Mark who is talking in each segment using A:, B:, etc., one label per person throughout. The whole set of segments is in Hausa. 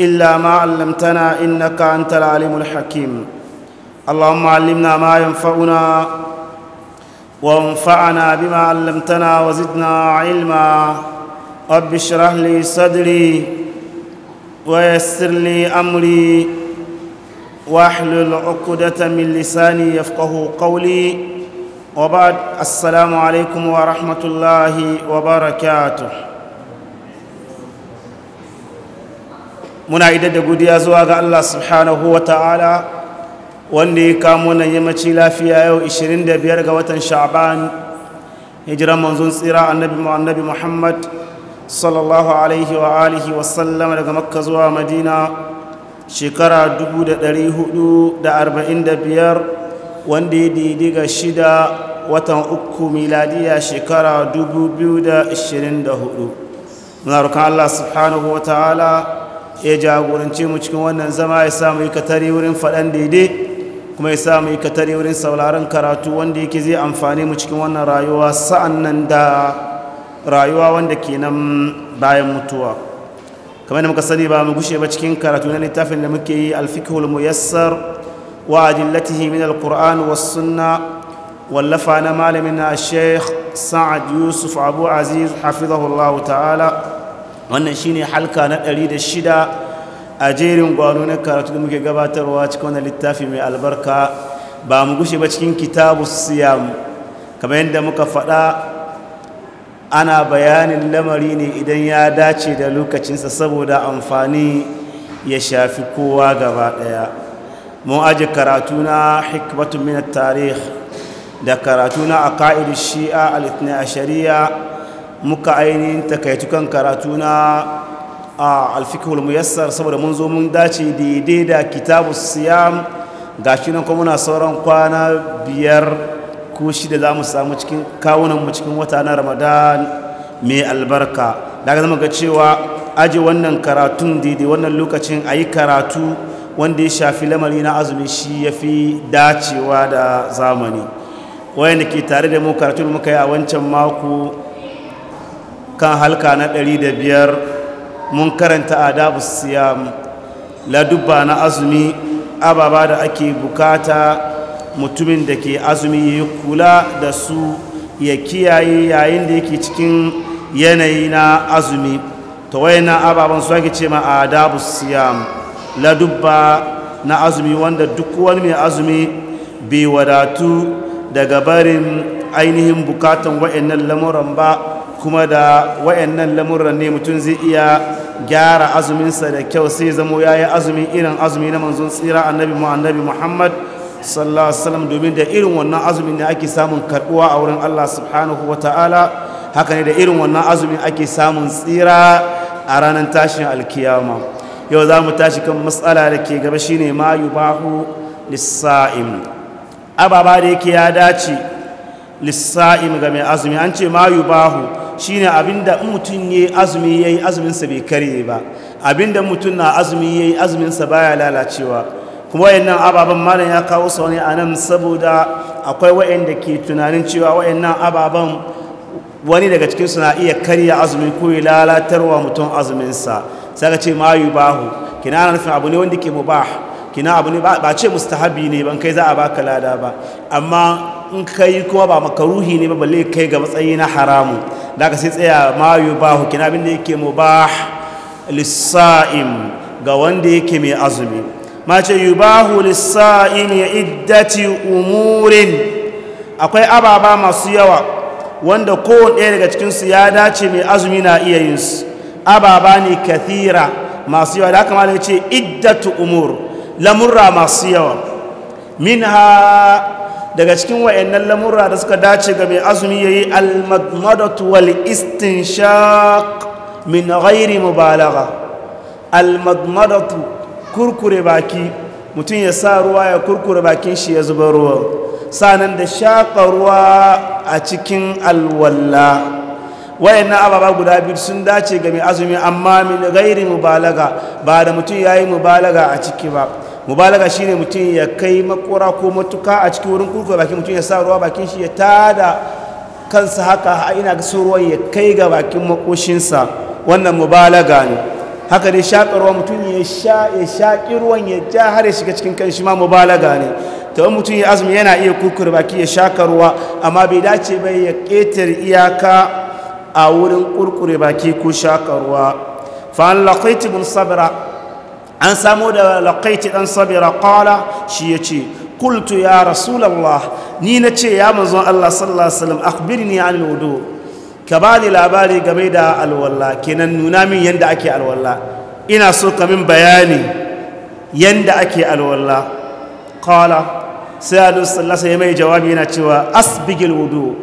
A: إلا ما علمتنا إنك أنت العليم الحكيم اللهم علمنا ما ينفعنا وانفعنا بما علمتنا وزدنا علما رب اشرح لي صدري ويسر لي أمري واحلل عقدة من لساني يفقه قولي وبعد السلام عليكم ورحمة الله وبركاته muna idan da gudiya zuwa ga Allah subhanahu wa ta'ala wanda ya kamo nan yammaci lafiya yau 25 ga watan sha'ban hijiran manzon tsira annabi annabi Muhammad sallallahu alaihi wa alihi wa sallama daga makka zuwa madina shekara 445 wanda ya daidai ga shida watan uku miladiya shekara 2024 muna roƙon Allah subhanahu wa ta'ala ya jagorance mu cikin wannan zama ya samu yi katari wurin faɗan daidai kuma ya samu yi katari wurin sauraron karatu wanda yake zai amfani mu cikin wannan rayuwa sa'an nan da rayuwa wanda ke nan bayan mutuwa kamar da muka sani ba mu gushe ba cikin karatu na littafin da muke yi alfikihul muyassar wa adillatihi min alquran was sunna wallafa na malamin na sheikh sa'ad yusuf abu aziz hafizahullahu ta'ala wannan shine halka na 106 a jerin gwano na karatu da muke gabatarwa cikin wannan littafi mai albarka ba mu gushe ba cikin kitabu siyam kamar yadda muka faɗa ana bayanin lamari ne idan ya dace da lokacinsa saboda amfani ya shafi kowa gaba ɗaya mu aji karatu na hikmatun minar tarih da karatu na ka'idu shi'a al-ithnai ashariya muka ainihin takaitu kan karatu na a alfikul muyassar saboda mun zo mun dace daidai da kitabu siyam ga shi nan kuma muna sauran kwana biyar ko shida za mu samu cikin kawunanmu cikin wata na ramadan mai albarka daga zama ga cewa aji wannan karatun daidai wannan lokacin a yi karatu wanda ya shafi lamari na azumi shi ya fi dacewa da zamani wayanda ke tare da mu karatun muka yi a wancan mako kan halka na ɗari da biyar mun karanta adabu siyam ladubba na azumi ababa da ake bukata mutumin da ke azumi ya kula da su ya kiyaye yayin da yake cikin yanayi na azumi ta wayana ababan su ake ce ma adabu siyam ladubba na azumi wanda duk wani mai azumi bai wadatu daga barin ainihin bukatan wayannan lamuran ba kuma da wayannan lamurran ne mutum zai iya gyara azuminsa da kyau sai zamo ya yi azumi irin azumi na manzon tsira annabi mu annabi muhammad sallallahu alaihi wasallam domin da irin wannan azumin ne ake samun karbuwa a wurin allah subhanahu wa ta'ala haka ne da irin wannan azumin ake samun tsira a ranar tashin alkiyama yau za mu tashi kan matsala da ke gaba shine ma yubahu lissa'im ababa da yake ya dace lissa'im ga mai azumi an ce ma yubahu shine abinda in mutum yi azumi yayi yi azuminsa bai karye ba abinda mutum na azumi yayi azuminsa ba ya lalacewa kuma wayannan ababen malam ya kawo su ne nan saboda akwai wayanda ke tunanin cewa wayannan ababen wani daga cikin su na iya karya azumi ko ya lalatarwa mutum azuminsa sakace sai ka ce ma bahu kina nufin abu ne wanda ke mubah kina abu ne ba ce mustahabi ne ban kai za a baka lada ba amma in kai kuma ba makaruhi ne ba balle kai ga matsayi na haramu da ka sai tsaya ma hu kina abin da yake mubah lissa'im ga wanda yake mai azumi ma ce hu lissa'im ya iddati umurin akwai ababa masu yawa wanda kowane ɗaya daga cikinsu ya dace mai azumi na iya yin su ababa ne kathira masu yawa da haka ma ce iddatu umur lamurra masu yawa Min ha daga cikin wayannan lamurra da suka dace ga mai azumi yayi al-madmadatu istin shaq min ghairi mubalagha al kurkure baki mutum ya sa ruwa ya kurkure bakin shi ya zuba ruwa sanan da shaƙa ruwa a cikin alwalla wayannan ababa guda biyu sun dace ga mai azumi amma min ghairi mubalaga ba da mutum yayi mubalaga a ciki ba mubalaga shine mutum ya kai makora ko matuka a cikin wurin kurkuwa bakin mutum ya sa ruwa bakin shi ya tada kansa haka a ina ga so ruwan ya kai ga bakin makoshinsa wannan mubalaga ne haka dai shaƙa ruwa mutum ya sha ya shaƙi ruwan ya ja har ya shiga cikin kan shi ma mubalaga ne ta wani mutum ya azumi yana iya kurkure baki ya shaƙa ruwa amma bai dace bai ya ƙetare iyaka a wurin kurkure baki ko shaƙa ruwa fa'an laƙaiti bin an samu da laƙaiti ɗan sabira ƙwala shi ya ce kultu ya rasulallah ni na ce ya manzon Allah sallallahu alaihi birni an wudu ka ba ni labari game da alwallah kenan nuna min yadda ake alwallah ina so ka min bayani yadda ake alwallah ƙwala sai Allah lasa ya mai jawabi yana cewa asbigil wudu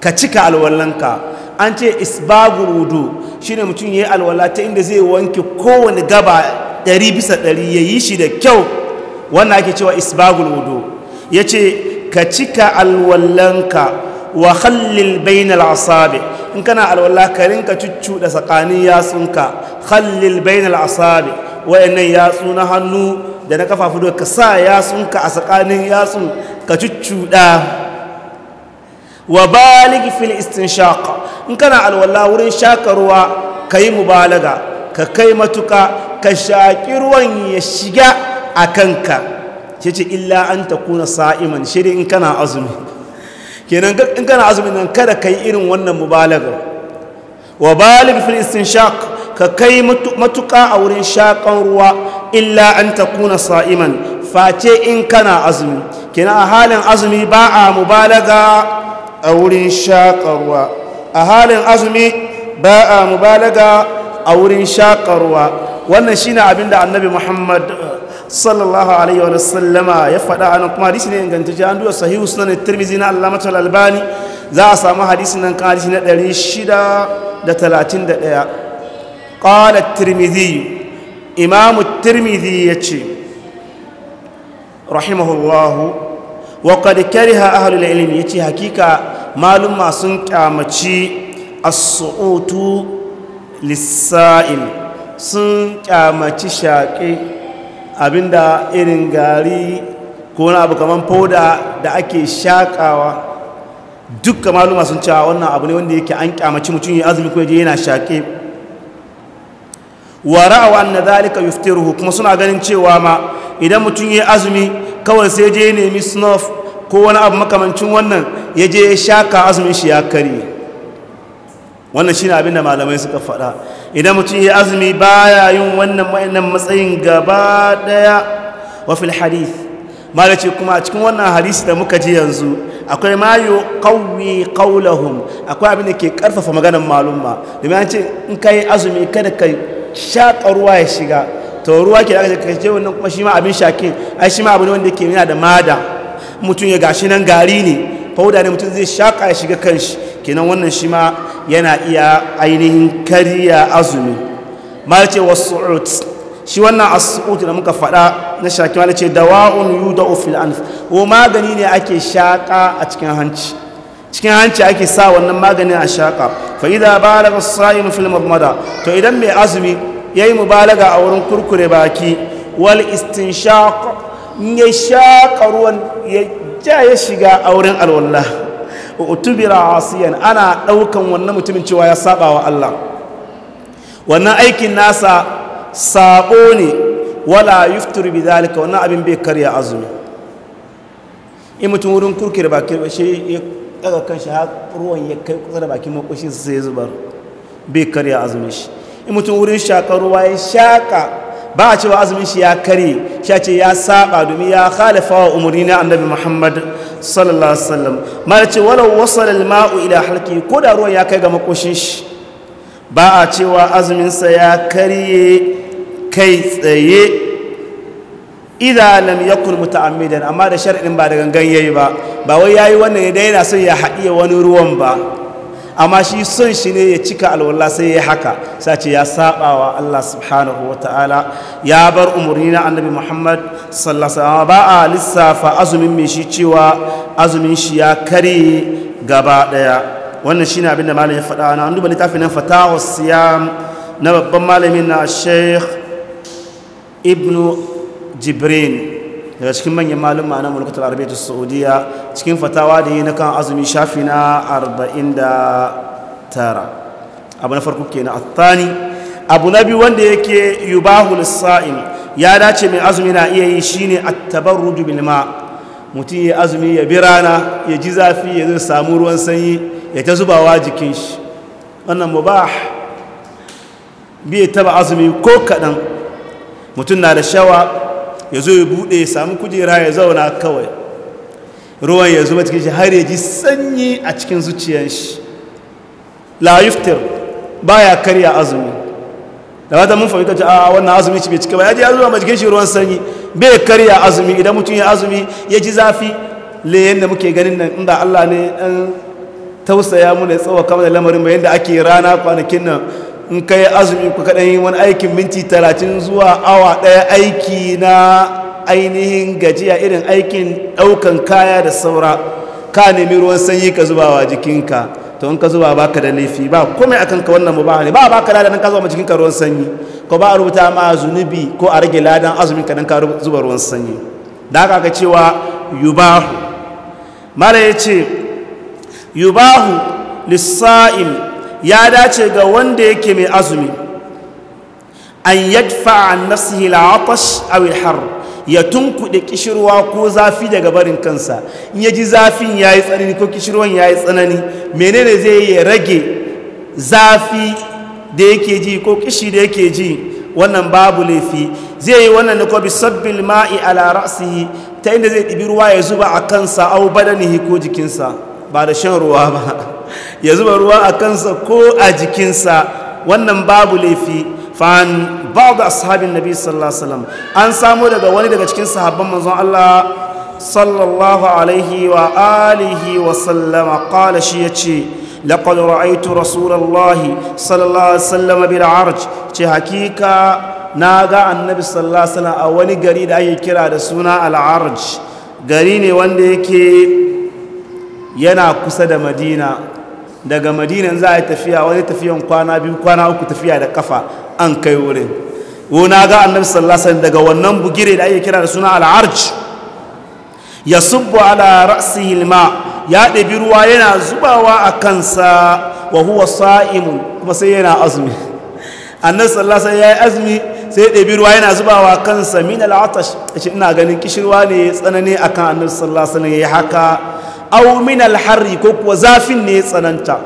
A: ka cika alwallanka an ce isbagul wudu shine mutum ya yi alwala ta inda zai wanke kowane gaba ɗari bisa ɗari ya yi shi da kyau wannan ake cewa isbagul wudu ya ce ka cika alwallanka wa khallil bainal asabi in kana alwalla ka rinka cuccu da tsakanin yatsunka khallil bainal asabi wayannan yatsu na hannu da na kafafu ka sa yatsunka a tsakanin yatsun ka da. wa balig fil istinshaq in kana alwalla wurin shakarwa ka yi mubalaga ka kai matuka ka shaƙi ruwan ya shiga a kanka shi ce illa an ta kuna sa'iman shirin in kana azumi kenan in kana azumi nan kada ka yi irin wannan mubalaga wa balig filistin shaƙ ka kai matuƙa a wurin shaƙan ruwa illa an ta kuna sa'iman face in kana azumi kenan a halin azumi ba a mubalaga a wurin shaƙan ruwa a halin azumi ba a mubalaga a wurin shaƙan ruwa. wannan shine abin da annabi muhammad uh, sallallahu alaihi wa sallama ya faɗa a nan kuma hadisi ne ingantacce an duba sahihu sunan tirmizi na allamatul albani za a samu hadisi nan kan hadisi na 631 qala tirmizi imamu tirmizi yace rahimahullahu wa qad kariha ahlul ilmi yace hakika maluma sun kyamaci as-su'utu lis-sa'il sun kyamaci shaƙe abinda irin gari ko wani abu kamar foda da ake shaƙawa dukkan maluma sun cewa wannan abu ne wanda yake an kyamaci mutum ya azumi ko yana shaƙe wa ra'awa anna zalika yuftiruhu kuma suna ganin cewa ma idan mutum ya azumi kawai sai je nemi snuff ko wani abu makamancin wannan ya je ya shaƙa azumin shi ya karye wannan shi ne abin da malamai suka faɗa idan mutum ya azumi ba ya yin wannan matsayin gaba daya wa fil hadith malace kuma a cikin wannan hadisi da muka ji yanzu akwai ma kawai qawlahum akwai abin da ke karfafa maganar malumma da an ce in ka yi azumi kada ka shaƙa ruwa ya shiga to ruwa ke da ka ce wannan kuma shi ma abin shake ai shi ma abin wanda ke yana da mada mutum ya gashi nan gari ne fauda ne mutum zai shaƙa ya shiga kanshi kenan wannan shi ma yana iya ainihin kariya azumi ma ce wasu shi wannan asu'ut da muka faɗa na shaƙi wani ce dawa'un yuda ofil anf ko magani ne ake shaƙa a cikin hanci cikin hanci ake sa wannan maganin a shaƙa fa'ida ba daga sa'in filin mabmada to idan mai azumi ya yi mubalaga a wurin kurkure baki wal shaƙa ya shaƙa ruwan ya ja ya shiga a wurin alwallah utubira asiyan ana ɗaukan wannan mutumin cewa ya saba wa Allah wannan aikin nasa sabo ne wala yuftur bi zalika wannan abin bai karya azumi in mutum wurin kurki da baki shi ya daga kan shi ruwan ya kai kusa da baki makoshin sai ya zubar bai karya azumin shi in mutum wurin shakar ruwa ya shaka ba a cewa azumin shi ya kare shi ce ya saba domin ya khalafa wa umarni na annabi Muhammad sallallahu alaihi wasallam mala ce walau wasala alma'u ila halki ko da ruwan ya kai ga makoshin shi ba a cewa azumin sa ya karye kai tsaye idza lam yakun muta'ammidan amma da shar'in ba da gangan yayi ba ba wai yayi wannan ya daina son ya haɗiye wani ruwan ba amma shi son shi ne ya cika alwala sai ya haka sace ya saba wa Allah subhanahu ta'ala ya bar umarni na annabi Muhammad sallallahu alaihi ba a lissafa azumin mai shi cewa azumin shi ya kare gaba daya wannan shine abinda abinda malamin ya faɗa na an duba littafin nan fatawa siyam na babban malamin na Sheikh Ibn Jibrin daga cikin manyan malumma na mulkatul arabiyyatu saudiya cikin fatawa da yi na kan azumi shafi na 49 abu na farko kenan athani abu na biyu wanda yake yubahu Sa'in ya dace mai azumi na iya yi shine at-tabarruju bil mutum ya azumi ya rana ya ji zafi ya zai samu ruwan sanyi ya ta zubawa jikin shi wannan mubah bai taba azumi ko kaɗan mutum na da shawa ya zo ya buɗe ya samu kujera ya zauna kawai ruwan ya zuba cikin shi har ya ji sanyi a cikin zuciyar shi la yuftir ya karya azumi da wata mun fahimta ce a wannan azumi ci bai cika ba ya ji ya zuba cikin shi ruwan sanyi bai karya azumi idan mutum ya azumi ya ji zafi le yadda muke ganin nan inda Allah ne ɗan tausaya mu ne tsawo kamar da lamarin mai yanda ake rana kwanakin nan in ka yi azumi ku kaɗan yi wani aikin minti talatin zuwa awa ɗaya aiki na ainihin gajiya irin aikin ɗaukan kaya da saura ka nemi ruwan sanyi ka zubawa jikinka to in ka zuba ba ka da laifi ba kome a kanka wannan mu ba ne ba ba ka ladan ka zuba jikinka ruwan sanyi ko ba a rubuta ma zunubi ko a rage ladan azumin ka dan ka zuba ruwan sanyi da haka ga cewa yubahu mara ya ce yubahu lissa'im ya dace ga wanda yake mai azumi an yadfa an nafsihi al-atash aw al-har ya tunkuɗe kishirwa ko zafi daga barin kansa in ya ji zafin ya yi tsanani ko kishirwan ya yi tsanani menene zai ya rage zafi da yake ji ko kishi da yake ji wannan babu laifi zai yi wannan ko bi sabbil ma'i ala ra'sihi ta inda zai ɗibi ruwa ya zuba a kansa au badanihi ko jikinsa ba da shan ruwa ba ya zuba ruwa a kansa ko a jikinsa wannan babu laifi fan babu ashabin nabi sallallahu alaihi wasallam an samu daga wani daga cikin sahabban manzon Allah sallallahu alaihi wa alihi wa sallama qala shi yace laqad ra'aytu rasulallahi sallallahu alaihi wasallam bil arj ce hakika na ga annabi sallallahu alaihi wasallam a wani gari da ake kira da suna al arj gari ne wanda yake yana kusa da madina daga madinan za a yi tafiya wani tafiyan kwana biyu kwana uku tafiya da kafa an kai wurin wuna ga annabi sallallahu alaihi daga wannan bugire da ake kira da suna al'arj ya subbu ala ra'sihi ma ya ɗebi ruwa yana zubawa a kansa wa huwa sa'imun kuma sai yana azumi annabi sallallahu alaihi ya yi azumi sai ya ɗebi ruwa yana zubawa a kansa min al'atash shi ina ganin kishirwa ne tsanani akan annabi sallallahu alaihi ya yi haka au min alharri ko kuwa zafin ne ya tsananta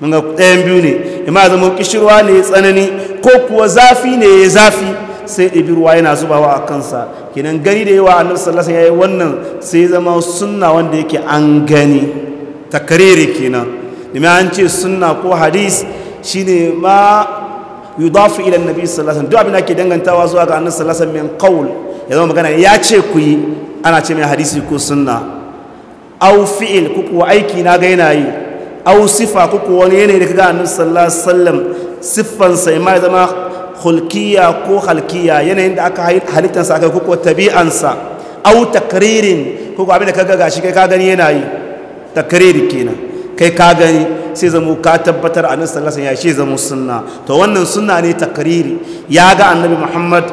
A: mun ɗayan biyu ne imma zama kishirwa ne ya tsanani ko kuwa zafi ne ya zafi sai ɗabi ruwa yana zubawa a kansa kenan gani da yawa annabi sallallahu alaihi yi wannan sai zama sunna wanda yake an gani takarere kenan dama an ce sunna ko hadis shine ma yudafu ila annabi sallallahu alaihi duk abin da ke dangantawa zuwa ga annabi sallallahu alaihi wasallam min qawl ya zama magana ya ce ku yi ana ce mai hadisi ko sunna au fi'il kuku kuwa aiki na ga yana yi au sifa kuku kuwa wani yanayi da kaga annabi sallallahu alaihi wasallam siffan sai ma zama hulkiya ko halkiya yanayin da aka halittar sa aka kuku kuwa tabi'an sa au takririn kuku kuwa abin da kaga gashi kai ka gani yana yi takriri kenan kai ka gani sai zamo ka tabbatar annabi sallallahu alaihi wasallam ya shi zamo sunna to wannan sunna ne takriri ya ga annabi Muhammad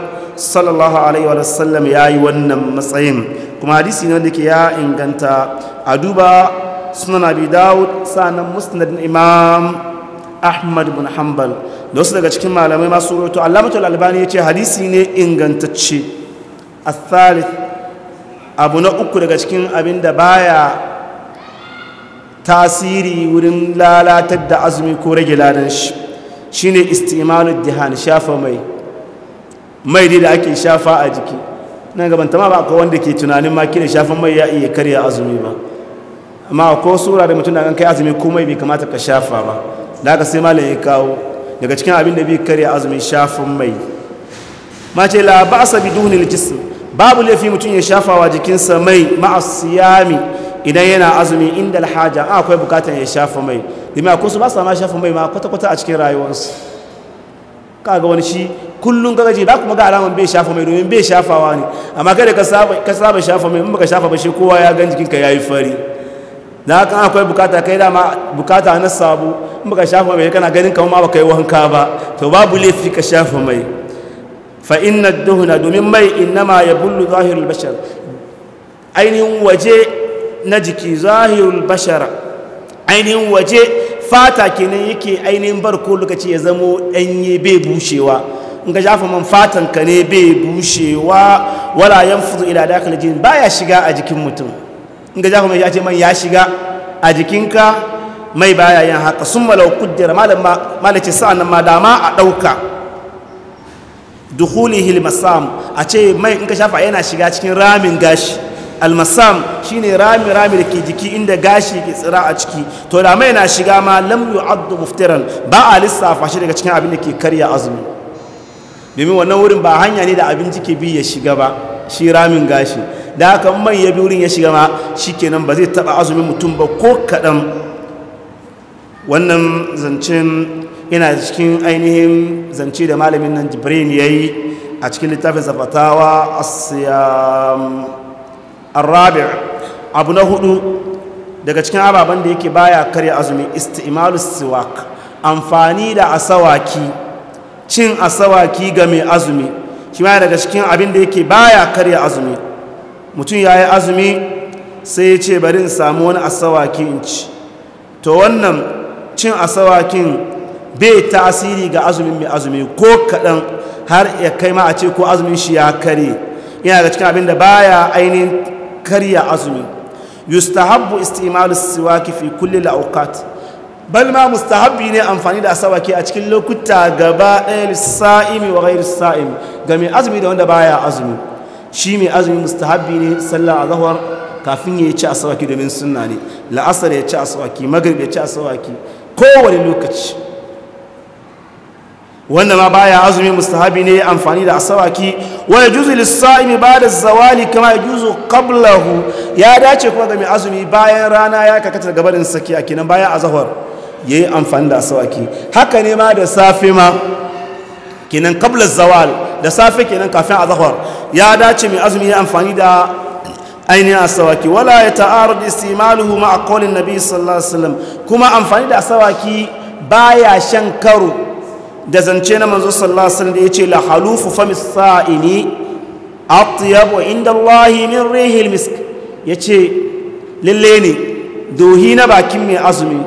A: sallallahu alaihi wasallam ya yi wannan matsayin kuma hadisi ne wanda ke ya inganta a duba sunan abi dawud sanan musnad imam ahmad bin hanbal da wasu daga cikin malamai masu roto alamatul albani ya ce hadisi ne ingantacce a abu na uku daga cikin abin da baya tasiri wurin lalatar da azumi ko rage ladan shi shine istimalu dihan shafa mai mai da ake shafa a jiki na gaban bantama ma ba ko wanda ke tunanin ma kila shafin mai ya iya karya azumi ba amma ko sura da mutum da kan kai azumi komai bai kamata ka shafa ba da ka sai malai ya kawo daga cikin abin da bai karya azumi shafin mai ma ce la ba'sa al jism babu laifi mutum ya shafa shafawa sa mai ma'asiyami idan yana azumi inda al a ah, akwai bukatar ya shafa mai domin akwai su ba sa ma shafa mai ma kwata-kwata a cikin rayuwarsu kaga wani shi kullum kaga ce da kuma ga alaman bai shafa mai domin bai shafawa ne amma kada ka saba shafa mai in baka shafa ba shi kowa ya gan jikinka ya yi fari da haka akwai bukata kai dama bukata na sabo in baka shafa mai kana ganin kamar ma baka yi wanka ba to babu laifi ka shafa mai fa inna duhna domin mai innama yabullu zahirul bashar ainihin waje na jiki zahirul bashar ainihin waje fata kenan yake ainihin barko lokaci ya zamo danye bai bushewa in shafa man fatan ka ne bai bushewa wala yanfudu ila dakal ba ya shiga a jikin mutum in shafa man ya ce man ya shiga a jikinka mai baya yin haka sun malau kuddira malace sa'an ma dama a ɗauka dukulihil masam a ce mai in shafa yana shiga cikin ramin gashi almasam shine rami rami da ke jiki inda gashi ke tsira a ciki to da mai na shiga ma lam yu'addu muftiran ba a lissafa shi daga cikin abin da ke karya azumi domin wannan wurin ba hanya ne da abinci ke bi ya shiga ba shi ramin gashi da haka man ya bi wurin ya shiga ma shi kenan ba zai taba azumin mutum ba ko kaɗan wannan zancen yana cikin ainihin zance da malamin nan jibrin ya yi a cikin littafin zafatawa arabi abu na hudu daga cikin ababen da yake baya karya azumi istimalu siwak amfani da asawaki cin asawaki ga mai azumi shi ma daga cikin abin da yake baya karya azumi mutum ya yi azumi sai ya ce bari in samu wani asawaki in ci to wannan cin asawakin bai tasiri ga azumin mai azumi ko kaɗan har ya kai ma a ce ko azumin shi ya kare yana daga cikin abin da baya ainihin karya azumi yustahabbu istimalu siwaki fi kulli la'ukat bal ma mustahabbi ne amfani da asawaki a cikin lokuta gaba ɗaya lissa'imi wa ghairu sa'imi ga mai azumi da wanda baya azumi shi mai azumi mustahabbi ne sallah azhar kafin ya ci asawaki domin sunna ne la'asar ya ci asawaki maghrib ya ci asawaki kowane lokaci wanda ma baya azumi mustahabbi ne amfani da asawaki wani juzu lissa'imi ba da zawali kama juzu qablahu ya dace kuma ga mai azumi bayan rana ya kakata gabarin saki a kenan bayan azahar ya yi amfani da asawaki haka ne ma da safe ma kinan Kabla zawal da safe kinan kafin a zahar ya dace mai azumi ya amfani da ainihin asawaki wala ya ta'arar da istimaluhu ma a kolin nabi sallallahu kuma amfani da asawaki baya shan karo da zance na manzo sallallahu ala'uwa da ya ce la halufu fa misa'ini atyabu inda allahi min rihil ya ce lalle ne dohi na bakin mai azumi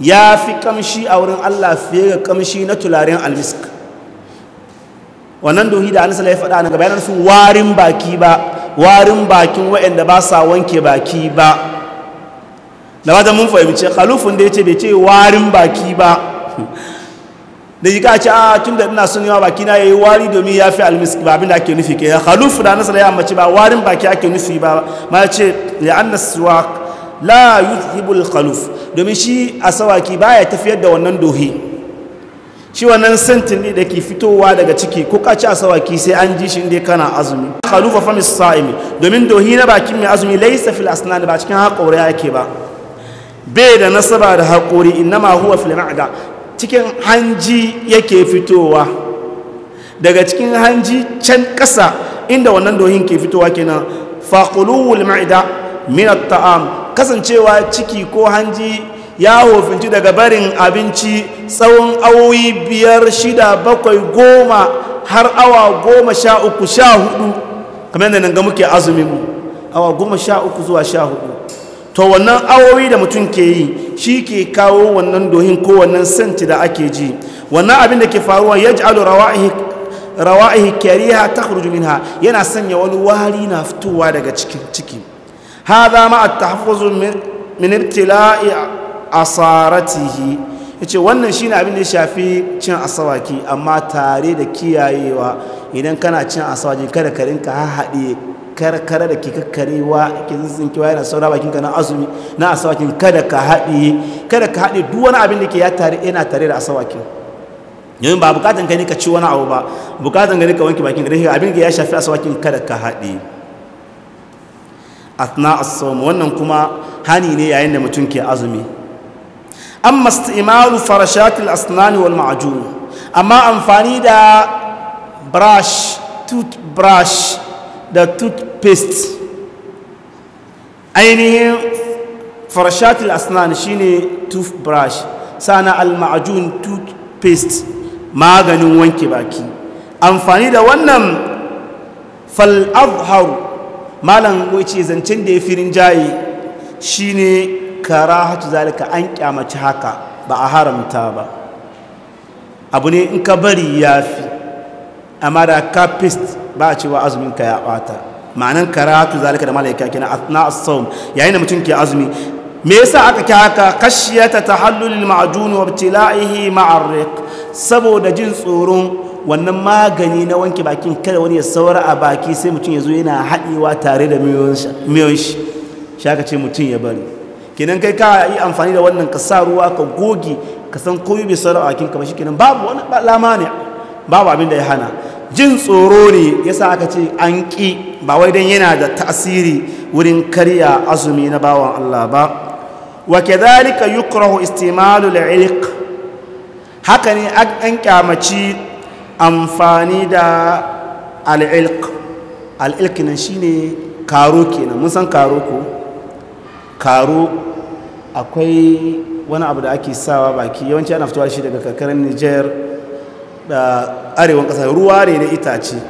A: ya fi kamshi a wurin Allah fiye ga kamshi na tularen almisk wannan dohi da anisa ya faɗa na gaba yana warin baki ba warin bakin waɗanda ba sa wanke baki ba da wata mun fahimci kalufin da ya ce bai ce warin baki ba da ah, yi kaci a tun da ina sun yawa baki na ya yi wari domin ya fi almisk ba abin da ake nufi ke ya kalufin da anisa ya mace ba warin baki ake nufi ba ma ce ya annas la yuzhibul khaluf domin shi asawaki baya tafiyar da wannan dohi shi wannan sentin ne da ke fitowa daga ciki ko kaci asawaki sai an ji shi inda kana azumi khalufa fa sa'imi domin dohi na bakin mai azumi laysa fil asnan ba cikin haƙuri yake ba bai da nasaba da haƙori innama huwa fil ma'da cikin hanji yake fitowa daga cikin hanji can kasa inda wannan dohin ke fitowa kenan faqulul ma'da min at-ta'am kasancewa ciki ko hanji ya hofinci daga barin abinci tsawon awoyi biyar shida bakwai goma har awa goma sha uku sha hudu kamar yadda nanga muke azumin mu awa goma sha uku zuwa sha hudu to wannan awowi da mutum ke yi shi ke kawo wannan dohin ko wannan senti da ake ji wannan abin da ke faruwa ya ji alu rawa'ihi kariha ta minha yana sanya wani wari na fitowa daga cikin ciki هذا مع التحفظ من ابتلاء asaratihi yace wannan shine abin da ya shafi cin asawaki amma tare da kiyayewa idan kana cin asawaki kada ka rinka haɗe karkara da ke kakkarewa ke tsinkewa yana saura bakin ka na azumi na asawakin kada ka haɗe kada ka haɗe duk wani abin da ke ya tare yana tare da asawakin yayin ba bukatan ka ne ka ci wani abu ba bukatan ka ne ka wanke bakin ka abin da ya shafi asawakin kada ka haɗe atna as wannan kuma hani ne yayin da mutum ke azumi amma istimalu farashat al-asnan wal ma'jun amma amfani da brush tooth brush da tooth paste. ainihin farashat al-asnan shine brush, sana al-ma'jun paste, maganin wanke baki amfani da wannan fal azharu malam ce zancen da ya fi rinjaye shine karahatu zalika an kyamaci haka ba a haramta ba abu ne in ka bari ya fi amma da ka fist ba a cewa azuminka ya bata ma'anan karahatu zalika da malaika kenan na as yayin da mutum ke azumi me yasa aka ki haka kashiyata tahallulil ma'dun wa ibtila'ihi saboda jin tsoron wannan magani na wanke bakin kada wani ya saura a baki sai mutum ya zo yana haɗewa tare da miyon shi shaka ce mutum ya bari kenan kai ka yi amfani da wannan ka sa ruwa ka goge ka san koyi bai saura a bakin ka ba shikenan babu wani lamani babu abin da ya hana jin tsoro ne ya sa aka ce an ƙi ba wai dan yana da tasiri wurin karya azumi na bawan Allah ba wa kadhalika yukrahu istimalu al haka ne an kyamaci amfani da al'ilk al'ilk nan ne karo kenan mun san karo ko karo akwai wani abu da ake sawa baki yawanci ana fitowa shi daga kakarar niger da arewan ƙasa ruwa ne na itace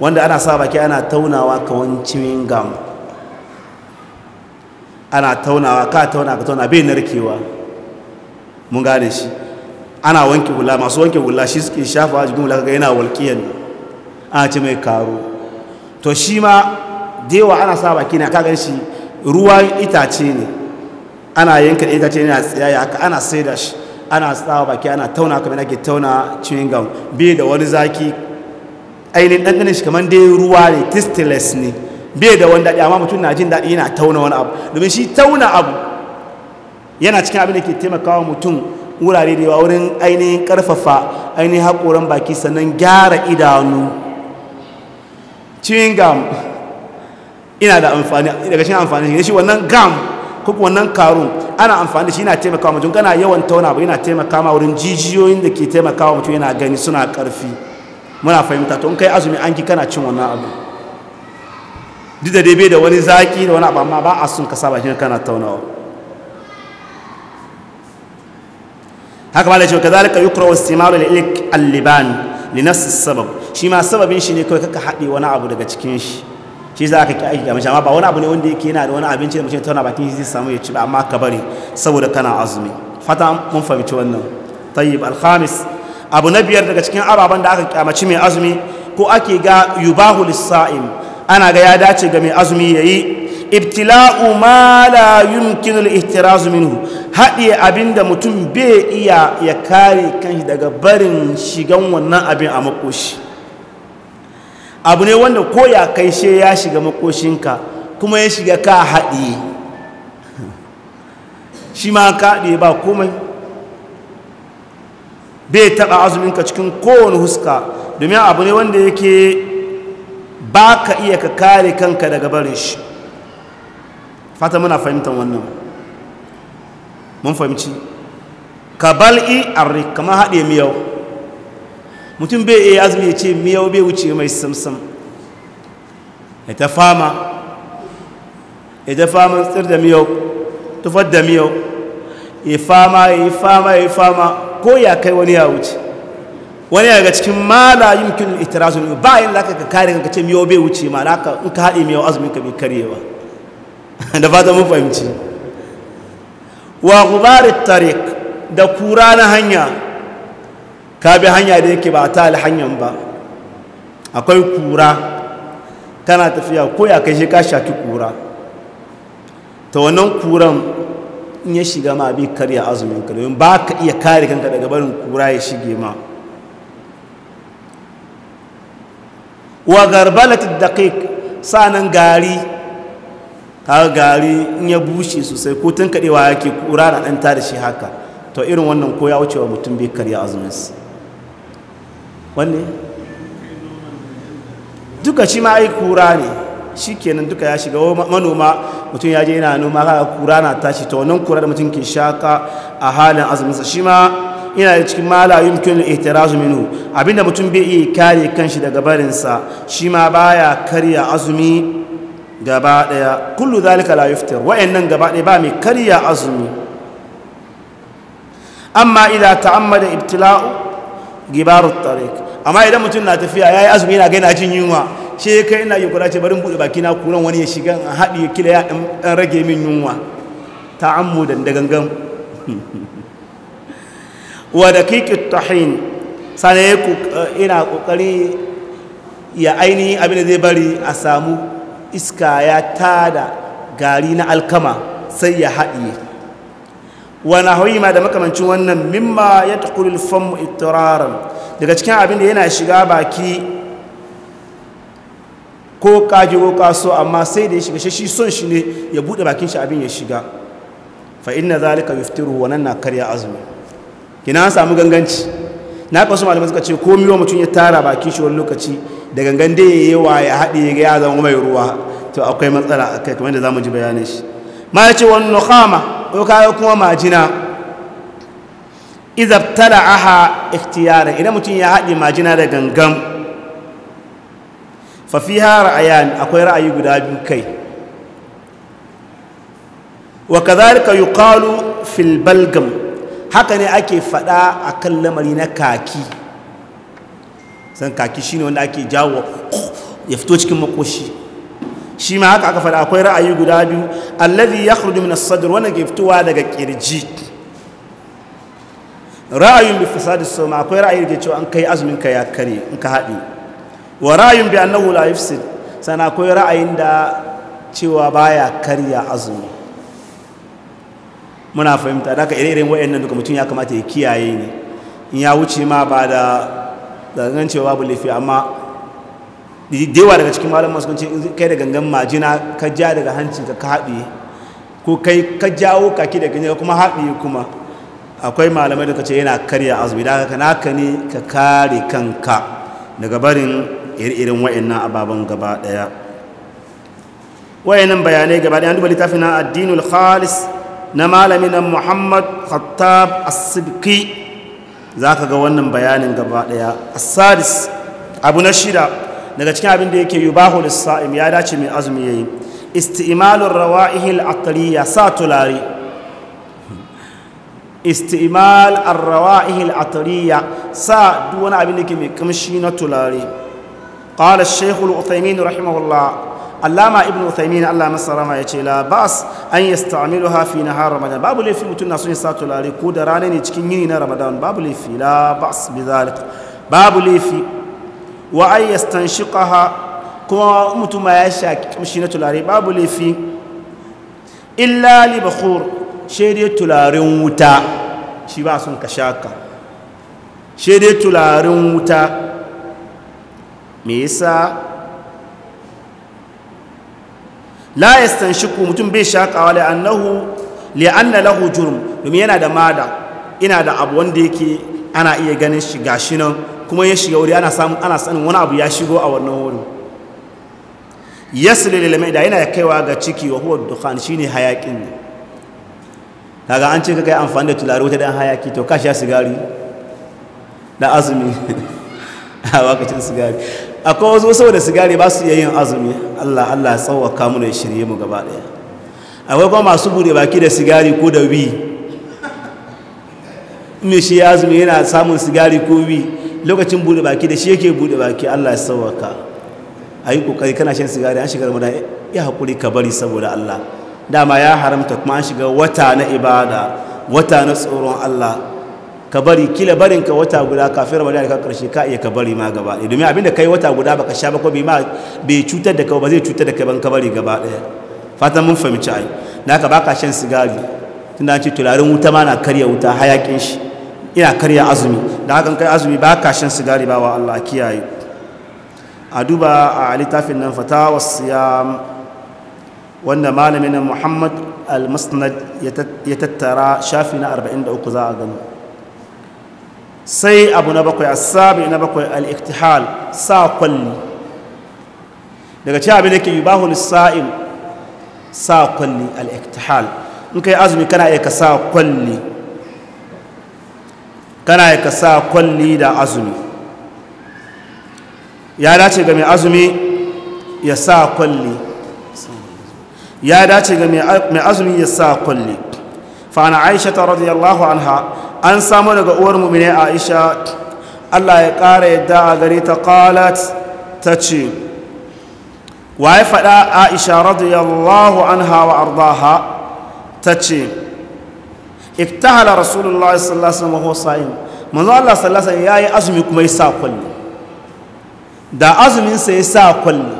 A: wanda ana sawa baki ana taunawa cimin gam ana taunawa ka tauna ka tauna bai narkewa mun gane shi ana wanke hula masu wanke hula shi suke shafa a jikin hula kaga yana walƙiyan ne a ce mai karo to shi ma dewa ana sa baki na kagan shi ruwan itace ne ana yanka itace ne a tsayaya haka ana da shi ana sa baki ana tauna kamar ake tauna cewin gam bai da wani zaki ainihin ɗanɗanin shi kamar dai ruwa ne tistiles ne bai da wani daɗi amma mutum na jin daɗi yana tauna wani abu domin shi tauna abu yana cikin abin da ke taimakawa mutum wurare da yawa wurin ainihin karfafa ainihin haƙoran baki sannan gyara idanu cin gam ina da amfani daga shi amfani shi wannan gam ko wannan karun ana amfani da shi yana taimakawa mutum kana yawan tauna abu yana taimaka ma. wurin jijiyoyin da ke taimakawa mutum yana gani suna karfi muna fahimta to in kai azumi an ki kana cin wannan abu duk da dai bai da wani zaki da wani abu amma ba a sun ka saba shi kana taunawa haka ba da cewa kazalika yukra wastimalu lil alliban liban li sabab shi ma sababin shi ne kawai kaka haɗe wani abu daga cikin shi shi za ka ki aiki amma ba wani abu ne wanda yake yana da wani abinci da mutum tauna bakin shi zai samu ya ci ba amma ka bari saboda kana azumi fata mun fahimci wannan tayyib alhamis abu na biyar daga cikin ababen da aka kyamaci mai azumi ko ake ga yubahu ana ga ya dace ga mai azumi yayi ibtila'u ma la yumkinu al ihtirazu minhu haɗiye abinda mutum bai iya ya kare kanshi daga barin shigan wannan abin a makoshi abu ne wanda ko ya kai she ya shiga makoshinka kuma ya shiga ka haɗiye shi ma ka ba komai bai taɓa azuminka cikin kowane huska domin abu ne wanda yake ba ka iya ka kare kanka daga barin shi fata muna fahimtar wannan mun fahimci ka bal'i arri kama haɗe miyau mutum bai iya azumi ya ce miyau bai wuce mai samsam ya ta fama ya ta fama tsir da miyau tufar da miyau ya fama ya yi fama ya yi fama ko ya kai wani ya wuce wani ga cikin mala yumkin itirazun yin da aka kare ka ce miyau bai wuce ma da in ka haɗe miyau azumin ka bai karyewa da fata mun fahimci wa gubar tariq da kura na hanya ka bi hanya da yake ba ta hanyar ba akwai kura tana tafiya ko ya kai shi ka shaki kura ta wannan kuran in ya shiga ma bi karya azumin ka ba ka iya kare kanka daga barin kura ya shige ma wa garbalat daqiq sanan gari kaga gari in ya bushe sosai ko tun kadewa yake kura na dan da shi haka to irin wannan ko ya wucewa mutum bai karya azumin su wanne duka shi ma ai kura ne shi kenan duka ya shiga manoma mutum ya je yana noma kaga kura na tashi to wannan kura da mutum ke shaka a halin azumin sa shi ma ina da cikin mala yumkin ihtiraz minhu abinda mutum bai iya kare kanshi daga barin sa shi ma baya karya azumi gaba daya kullu zalika la yuftir wa'annan gaba daya ba mai karya azumi amma idza ta'ammada ibtila'u gibaru tariq amma idan mutum na tafiya yayi azumi yana ga ina jin yunwa ce kai ina yi ce barin bude baki na kuran wani ya shiga a ya kila ya dan rage min yunwa ta'ammudan da gangan wa daqiqat tahin sanaye ina kokari ya ainihi abin da zai bari a samu iska ya tada gari na alkama sai ya haɗiye wani hauyi ma da makamancin wannan mimma ya tukulil famu ittiraran daga cikin abin da yana shiga baki ko kaji ko kaso amma sai da ya shiga shi son shi ne ya buɗe bakin shi abin ya shiga fa inna zalika yuftiru wannan na karya azumi kina samu ganganci na kasu malamai suka ce ko miwa mutum ya tara bakin shi wani lokaci da gangan da ya yi wa ya haɗe ga ya zama mai ruwa to akwai matsala a kai kamar za mu ji bayanin shi ma ya ce wani nukama ko kayo kuma majina izabtala aha ikhtiyara idan mutum ya haɗe majina da gangan fafiha ra'ayan akwai ra'ayi guda biyu kai wa kadhalika yuqalu fil balgam haka ne ake faɗa a kan lamari na kaki san kaki shine wanda ake jawo ya fito cikin makoshi shi ma haka aka faɗa akwai ra'ayi guda biyu allazi yakhruju min as-sadr wanda ke fitowa daga kirji ra'ayin bi fasad as akwai ra'ayi da cewa an kai azumin ka ya kare in ka haɗi wa ra'ayin bi annahu la yafsid sana akwai ra'ayin da cewa baya karya azumi muna fahimta da haka ire-iren waɗannan duka mutum ya kamata ya kiyaye ne in ya wuce ma ba da zagangan cewa babu laifi amma dewa daga cikin malaman sun ce kai da gangan majina ka ja daga hancinka ka haɗe ko kai ka jawo kaki da ganyen kuma haɗe kuma akwai malamai da ka ce yana karya azumi da ka naka ne ka kare kanka daga barin irin wa'annan ababen gaba ɗaya wa'annan bayanai gaba ɗaya duba littafin na addinul khalis na malamin muhammad khattab as za ka ga wannan bayanin gaba ɗaya asadis abu na shida daga cikin abin da yake yubahu lissa'im ya dace mai azumi yayi isti'malur rawa'ihil atriya sa tulare isti'mal ar-rawa'ihil sa duk wani abin da yake mai kamshi na tulare qala ash-shaykh rahimahullah allama ibn uthaymin allah masa rama ya ce la ba'as an yasta'miluha ramadan babu laifi mutum na sa tulare ko da rana ne cikin yini na ramadan babu laifi la bi zalika babu laifi wa an kuma mutum ya kamshi na tulare babu laifi illa li bakhur shede wuta shi ba ka shaka shede wuta me yasa la yastanshiku mutum bai shakawa la annahu li anna lahu jurm domin yana da mada ina da abu wanda yake ana iya ganin shi gashi nan kuma ya shiga wuri ana samu ana sanin wani abu ya shigo a wannan wurin yasli lil maida yana kaiwa ga ciki wa huwa dukhan shine hayakin ne kaga an ce ka kai amfani da tulare wata dan hayaki to ka sha sigari da azumi a wakacin sigari akwai wasu saboda sigari ba su iya azumi Allah Allah ya tsawaka mu da shirye mu gaba daya akwai kuma masu bude baki da sigari ko da wi me shi azumi yana samun sigari ko wi lokacin bude baki da shi yake bude baki Allah ya tsawaka ayi kokari kana shan sigari an shiga ramadan ya hakuri ka bari saboda Allah dama ya haramta kuma an shiga wata na ibada wata na tsoron Allah ka bari kila barin ka wata guda kafin ramadan ka karshe ka iya ka bari ma gaba ɗaya domin abinda kai wata guda baka sha ba ko bai ma bai cutar da kai ba zai cutar da kai ban ka bari gaba ɗaya fatan mun fahimci ai naka baka shan sigari tunda ce tularin wuta ma na karya wuta hayakin shi ina karya azumi da hakan kai azumi baka shan sigari ba wa Allah kiyaye a duba a littafin nan fatawa siyam wanda malamin Muhammad al-Musnad ya tattara shafi na 43 za a gano. sai abu na bakwai asabi na bakwai al’iktihal sa kwalli daga ci abin da ke yubahu sa’in sa kwalli al’iktihal in ka yi azumi kana yi ka sa kwalli kana yi ka sa kwalli da azumi ya dace ga mai azumi ya sa kwalli ya dace ga mai azumi ya sa kwalli fa na aisha ta radiyallahu anha an samu daga uwar mumine aisha allah ya ƙara yadda a gare ta qalat ta ce wa ya faɗa aisha radiyallahu anha wa ardaha ta ce iktahala rasulullahi sallallahu alaihi wasallam husayn manzo allah kuma ya sa kulli da ya sa kulli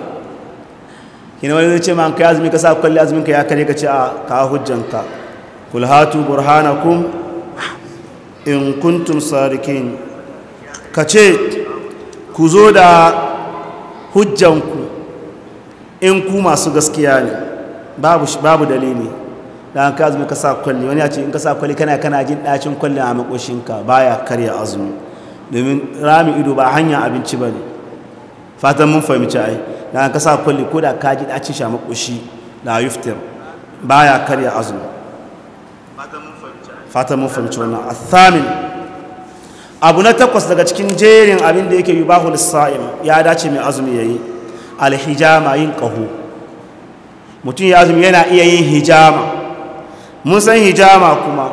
A: kina wani zai ce ma an kai azumi ka sa kulli azumin ya kare ka ce a ka hujjanka قل هاتوا برهانكم in kuntum Ka ce ku zo da hujjanku in ku masu gaskiya ne babu babu dalili dan ka azumi ka sa kwalli wani ya ce in ka sa kwalli kana kana jin dacin kwalli a makoshinka baya karya azumi domin rami ido ba hanya abinci bane fatan mun fahimci ai dan ka sa kwalli ko da ka ji dacin sha makoshi da yuftir baya karya azumi fatan mun fahimci wannan athamin abu na takwas daga cikin jerin abin da yake bahu lissa'im ya dace mai azumi ya yi. alhijama yin qahu mutum ya azumi yana iya yin hijama mun san hijama kuma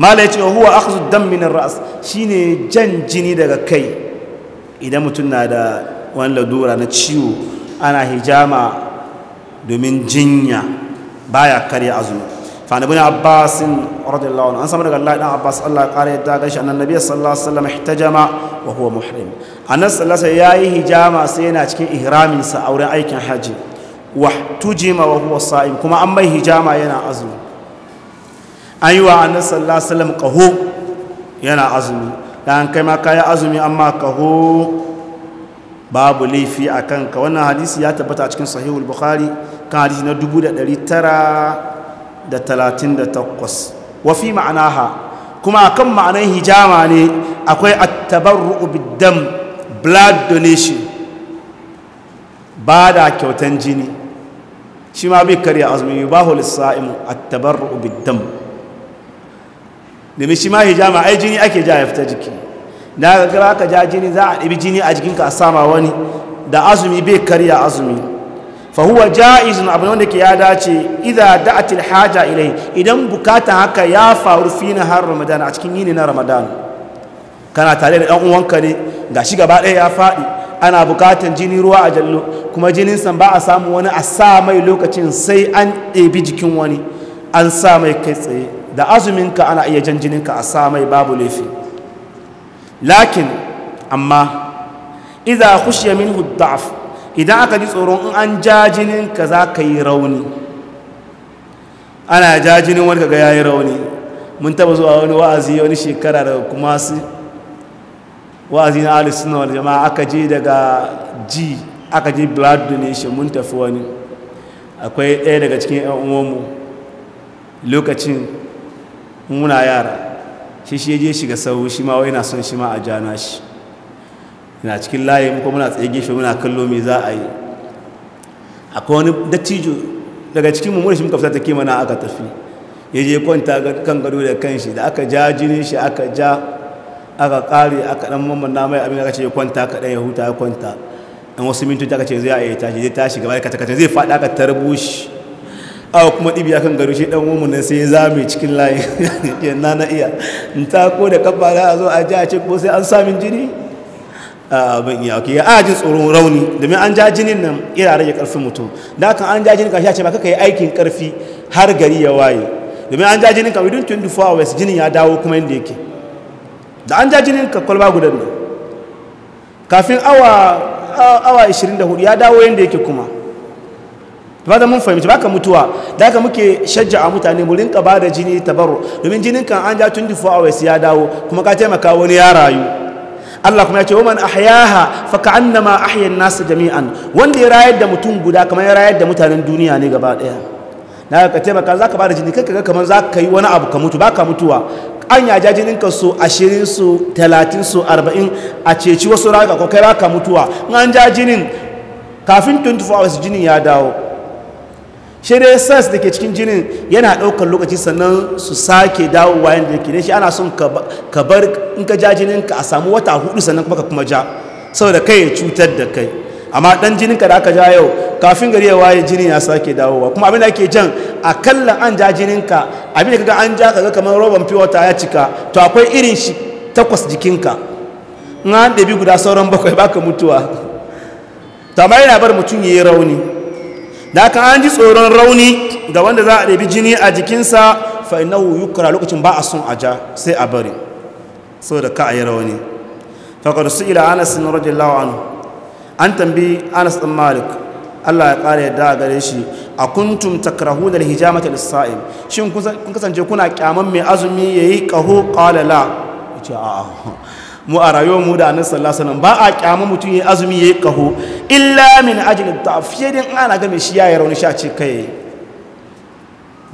A: mala yace huwa akhdhu dam min ar-ra's shine jan jini daga kai idan mutum na da wani ladura na ciwo ana hijama domin jinya baya karya azumi فعن ابن عباس رضي الله عنه أنسى من الله ابن عباس الله قال يداقش أن النبي صلى الله عليه وسلم احتجم وهو محرم أنس صلى الله عليه وسلم هجام سينا أشكي إهرام سأوري أي كان حاجي واحتجم وهو صائم كما أما هجام ينا أزم أيوة أنس صلى الله عليه وسلم قهو ينا أزم لأن كما كاي أزم أما قهو babu laifi a kanka wannan hadisi ya tabbata a cikin sahihul bukhari kan hadisi na 1900 da talatin da takwas wafi ma'anaha kuma kan ma'anar hijama ne akwai attabarru biddam blood donation ba da kyautan jini shi ma bai karya azumi ba hulissa'imu attabarru biddam domin mishi ma hijama ai jini ake ja ya fita jiki na gagara ka ja jini za a ɗibi jini a jikinka a sama wani da azumi bai karya azumi fahuwa ja'izun abu wanda ke ya dace idha da'atil haja ilai idan bukata haka ya faru fi na har ramadan a cikin yini na ramadan kana tare da ɗan uwanka ne shi gaba ɗaya ya faɗi ana bukatan jini ruwa a jallo kuma jinin san ba a samu wani a sa mai lokacin sai an ɗebi jikin wani an sa mai kai tsaye da azuminka ana iya jan jininka a sa mai babu laifi lakin amma idan kushe min da'af idan aka ji tsoron in an jajinin ka za ka yi rauni ana jajinin wani kaga ya yi rauni mun taba zuwa wani wa'azi wani shekara daga kuma su wa'azi na alisu na wani jama'a aka je daga ji aka je blood donation mun tafi wani akwai ɗaya daga cikin yan uwanmu lokacin muna yara shi shi je shiga sau shi ma wai na son shi ma a jana shi na cikin layin kuma muna tsaye gefe muna kallo me za a yi akwai wani dattijo daga cikin mummuna shi muka fita take mana aka tafi ya je kwanta kan gado da kan shi da aka ja jinin shi aka ja aka kare aka dan mamanna mai abin aka ce kwanta ka dan ya huta ya kwanta dan wasu minti aka ce zai yi tashi zai tashi gaba kata kata zai fada aka tarbushi a kuma dibiya kan gado shi dan umu sai ya zame cikin layi yana na iya in ta ko da kafa za a zo a ja a ce ko sai an samin jini Ah, ban iya ki a ji tsoron rauni domin an ja jinin nan ira rage karfin mutum da kan an ja jinin ka shi ce ba ka yi aikin karfi har gari ya waye domin an ja jinin ka within 24 hours jinin ya dawo kuma inda yake da an ja jinin ka kwalba gudan nan kafin awa awa 24 ya dawo yanda yake kuma ba da mun fahimci baka mutuwa da ka muke shajja a mutane mu rinka ba da jini tabarru domin jinin kan an ja 24 hours ya dawo kuma ka taimaka wani ya rayu Allah kuma ya ce waman ahyaha fa ka'annama ahya an-nas jami'an wanda ya rayar da mutum guda kamar ya rayar da mutanen duniya ne gaba daya na ka taimaka zaka bada jini kai kaga kamar zaka yi wani abu ka mutu baka mutuwa an ya ja jinin ka so 20 so 30 so 40 a ceci wasu raka ko kai baka mutuwa in an ja jinin kafin 24 hours jinin ya dawo shi dai sas da ke cikin jinin yana ɗaukar lokaci sannan su sake dawowa yadda ke ne shi ana son ka bar in ka ja jininka a samu wata hudu sannan kuma ka kuma ja saboda kai ya cutar da kai amma jinin jininka da aka ja yau kafin gari ya waye jinin ya sake dawowa kuma abin da ake jan a kallon an ja ka abin da kaga an ja kaga kamar roban fiwata ya cika to akwai irin shi takwas jikinka in an ɗabi guda sauran bakwai baka mutuwa to amma yana bar mutum ya yi rauni da aka an ji tsoron rauni ga wanda za a ɗabi jini a jikinsa fa'inahu yukura lokacin ba a sun aja sai a bari so da ka a yi rauni faƙar su ila anas na rajin lawanu an tambi anas ɗan malik allah ya ƙara yadda a gare shi a kuntum takrahu da hijamata lissa'im shin kun kasance kuna kyaman mai azumi ya yi ƙaho ƙalala ya ce a'a mu a rayuwar mu da annabi sallallahu alaihi wasallam ba a kyama mutum yayi azumi yayi kaho illa min ajli ta'fiye din ana ga shi ya yi rauni shi a ce kai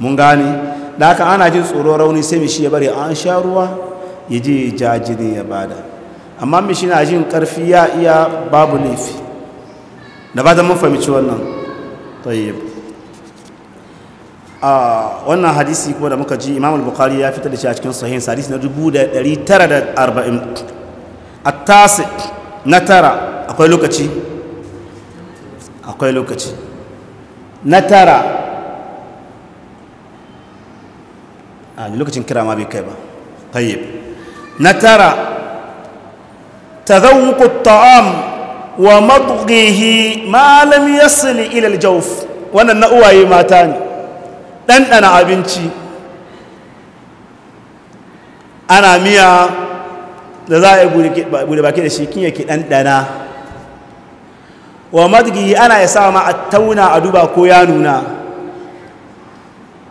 A: mun gane da haka ana jin tsoro rauni sai mishi ya bari an sha ruwa ya je jajiri ya bada amma shi na jin karfi ya iya babu laifi da ba da mun fahimci wannan tayyib a wannan hadisi kuma da muka ji imam al-bukhari ya fitar da shi a cikin sahihin hadisi na 1940 attasi na tara akwai lokaci akwai lokaci na tara a lokacin kira ma bai kai ba tayyib na tara taam wa madghihi ma lam yasil ila wannan na uwaye mata ne ɗanɗana abinci ana miya da za a yi bude baki da shi kin yake ɗanɗana wa madgi ana ya sa ma a tauna a duba ko ya nuna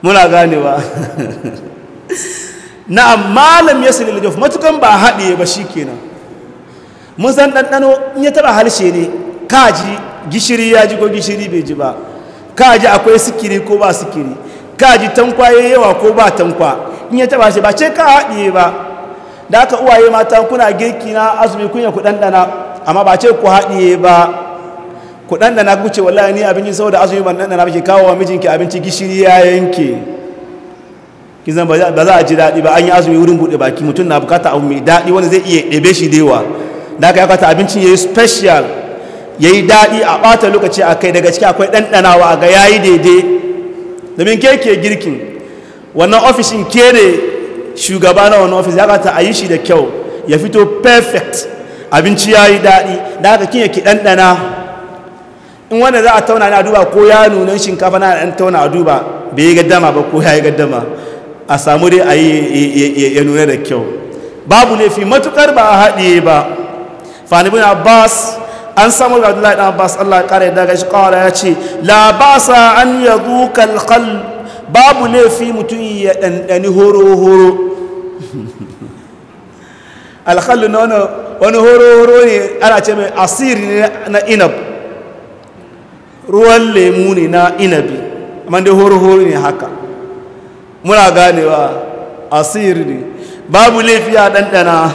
A: muna ganewa amma lam ya sulil jaf matukan ba haɗe ba shi kenan mun san ɗanɗano in ya taɓa harshe ne kaji gishiri ya ji ko gishiri bai ji ba kaji akwai sikiri ko ba sikiri kaji tankwa yawa ko ba tankwa in ya taɓa shi ba ce ka haɗe ba da aka uwaye mata kuna girki na azumi kunya ku ɗanɗana amma ba ce ku haɗiye ba ku ɗanɗana ku ce wallahi ni abinci da azumi ban ɗanɗana ba ke kawo wa mijinki abinci gishiri ya yanke ki ba za a ji daɗi ba an yi azumi wurin buɗe baki mutum na bukata abu mai daɗi wanda zai iya ɗebe shi da yawa da aka yakata abincin ya yi special ya yi daɗi a ɓata lokaci a kai daga ciki akwai ɗanɗanawa a ga ya yi daidai domin ke ke girkin wannan ofishin ke ne shugaba na wani ofis ya kata a yi shi da kyau ya fito perfect abinci ya yi daɗi da aka kin yake ɗanɗana in wanda za a tauna na duba ko ya nunan shinkafa na ɗan tauna a duba bai yi gaddama ba ko ya yi gaddama a samu dai a yi ya nuna da kyau babu laifi matukar ba a haɗiye ba fanibin abbas an samu da abdullahi ɗan abbas allah ƙara daga shi ƙawara ya ce labasa an ya zuƙa babu laifi mutum ya ɗanɗani horo-horo alhallu na wani horo-horo ne ana ce mai asiri na inab ruwan lemu ne na inabi amma dai horo-horo ne haka muna ganewa asiri ne babu laifiya ɗanɗana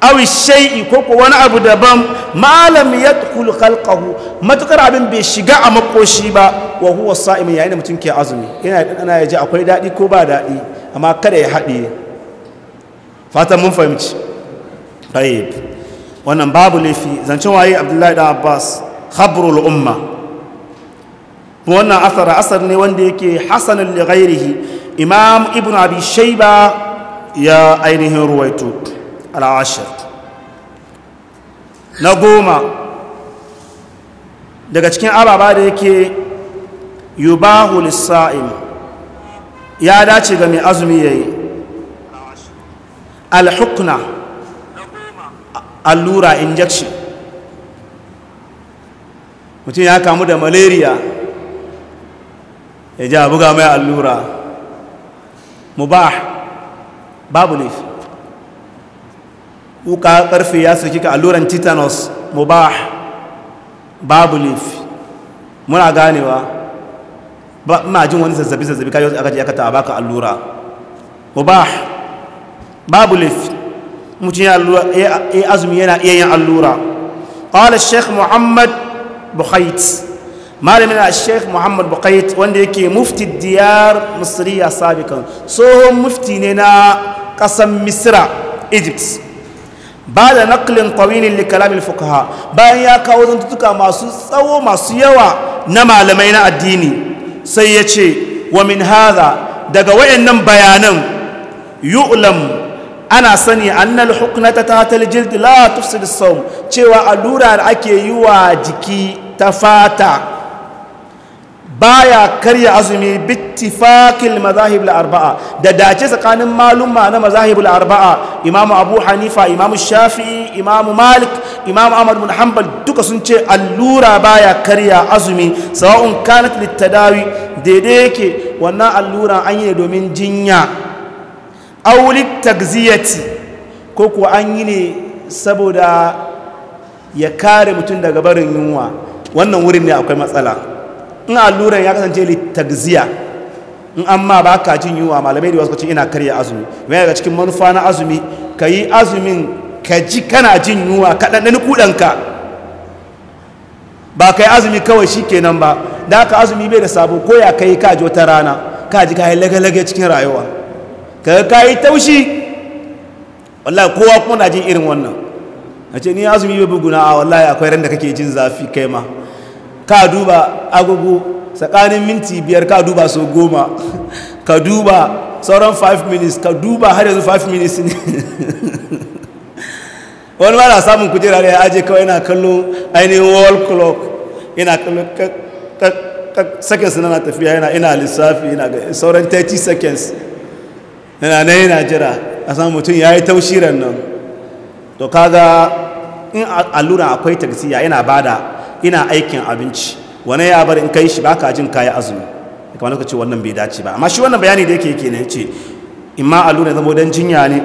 A: awi shay'i ko ko wani abu daban malam yadkhul khalqahu matukar abin bai shiga a makoshi ba wa huwa sa'im yayin da mutum ke azumi yana da ya yaji akwai dadi ko ba dadi amma kada ya haɗe fatan mun fahimci tayyib wannan babu laifi zancen waye abdullahi da abbas khabrul umma wannan asar asar ne wanda yake hasanan li ghairihi imam ibnu abi shayba ya ainihin ruwaito al'ashir na goma daga cikin ababa da yake yubahu lissa'im ya dace ga mai azumi ya yi alhukna allura injection mutum ya kamu da malaria ya ji buga mai allura mubah babu laifi wuka karfe ya saki ka alluran tetanus mubah babu laifi muna ganewa ba ma jin wani zazzabi zazzabi kayo aka je aka ta baka allura mubah babu laifi mutum ya allura ya azumi yana iya yin allura qala sheikh muhammad bukhait malamin sheikh muhammad bukhait wanda yake mufti diyar misriya sabikan so mufti ne na kasan misra egypt ba da naklin tawilin likalamin fukaha bayan ya kawo zantutuka masu tsawo masu yawa na malamai na addini sai ya ce wa min haza daga wayannan bayanan yu'lam ana sani annal huknata ta tal la tufsid as cewa allura da ake yi wa jiki ta fata baya karya azumi bittifakil mazahib al-arba'a da dace tsakanin malumma na mazahib al-arba'a imamu abu hanifa imamu shafi'i imamu malik imamu ahmad bin hanbal duka sun ce allura baya karya azumi sawa'un kanat littadawi daidai yake wannan allura an yi ne domin jinya aw litagziyati ko kuwa an yi ne saboda ya kare mutum daga barin yunwa wannan wurin ne akwai matsala in alluran ya kasance litagziya in amma ba ka jin yunwa malamai da wasu kacin ina karya azumi mai daga cikin manufa na azumi ka yi azumin ka ji kana jin yunwa ka kuɗanka ba ka yi azumi kawai shi kenan ba da aka azumi bai da sabo ko ya kai ka ji wata rana ka ji ka yi lage cikin rayuwa ka ka yi taushi wallahi kowa kuma na jin irin wannan a ce ni azumi bai buguna a wallahi akwai ran da kake jin zafi kai ma ka duba agogo tsakanin minti biyar ka duba so goma ka duba sauran 5 minutes ka duba har yanzu 5 minutes ne wani ma na samun kujera da ya aje kawai yana kallon ainihin wall clock yana kallon seconds na tafiya yana ina lissafi yana ga sauran 30 seconds yana na yana jira a samun mutum ya yi taushirar nan to kaga in allura akwai taksiya yana bada ina aikin abinci wani ya bar in kai shi ba ka jin kayi azumi kamar lokaci wannan bai dace ba amma shi wannan bayani da yake yake ne ce a allura zama dan jinya ne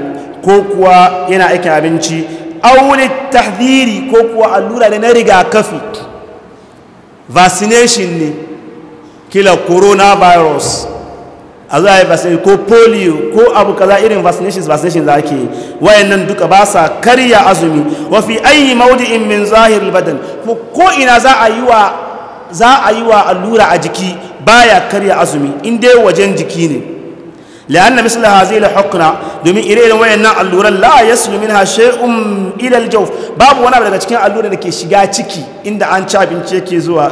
A: ko kuwa yana aikin abinci auni tahdiri ko kuwa allura ne na rigakafi vaccination ne kila coronavirus a zuwa yi vaccine ko polio ko abu kaza irin vaccinations vaccination da ake wayannan duka ba sa karya azumi wafi ayi maudi in min zahir badan ko ina za a yi wa za a yi wa allura a jiki baya karya azumi in dai wajen jiki ne لأن مثل هذه الحقنة دومين إلى إلى وين اللورة لا يسلم منها شيء إلى الجوف باب وانا بدك تكين اللورة اللي كيشجع تكي إن ده أنشاب إن تكي زوا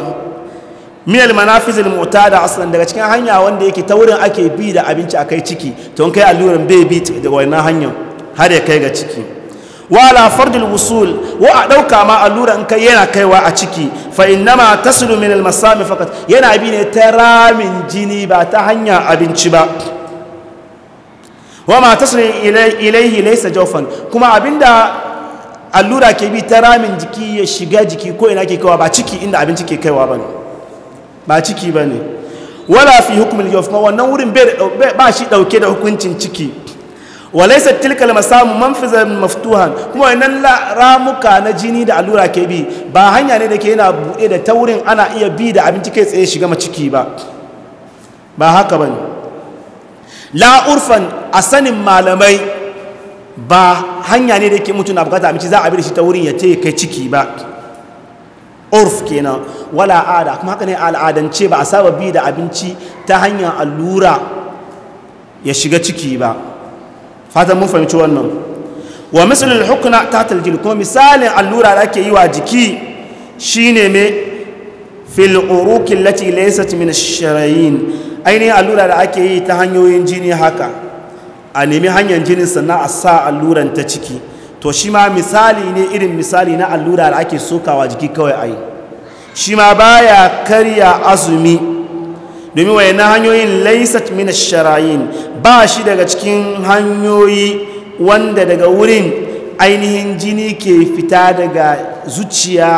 A: miyal manafizil mu'tada aslan daga cikin hanya wanda yake ta ake bi da abinci a kai ciki to kai alluran bai bi da wannan hanya har ya kai ga ciki wala fardul wusul wa a dauka ma alluran kai yana kaiwa a ciki fa innama taslu min al almasami fakat yana bi ne ta ramin jini ba ta hanya abinci ba wa ma taslu ilaihi laysa jawfan kuma abinda allura ke bi ta ramin jiki ya shiga jiki ko ina ke kaiwa ba ciki inda abinci ke kaiwa bane ba ciki ba ne wala fi hukumin yau wannan wurin ba shi ɗauke da hukuncin ciki walaisa tilkal masamun manfizar maftuhan kuma wannan ramuka na jini da allura ke bi ba hanya ne da ke yana buɗe da ta wurin ana iya bi da abinci kai tsaye shiga maciki ba ba haka ba ne la'urfan a sanin malamai ba hanya ne da ke mutu na bukata abinci za a bi da shi ta wurin ya ce kai ciki ba urf kenan wala ada kuma haka ne al'adance ba a saba bi da abinci ta hanyar allura ya shiga ciki ba fatan mun fahimci wannan wa misalin hukuna ta taljil kuma misalin allura da ake yi wa jiki shine me fil urukin lati laysat min sharayin ainihin allura da ake yi ta hanyoyin jini haka a nemi hanyar jinin sannan a sa alluran ta ciki to shi ma misali ne irin misali na allura da ake sokawa jiki kawai a yi shi ma baya karya azumi domin wayannan hanyoyin laisat min sharayin ba shi daga cikin hanyoyi wanda daga wurin ainihin jini ke fita daga zuciya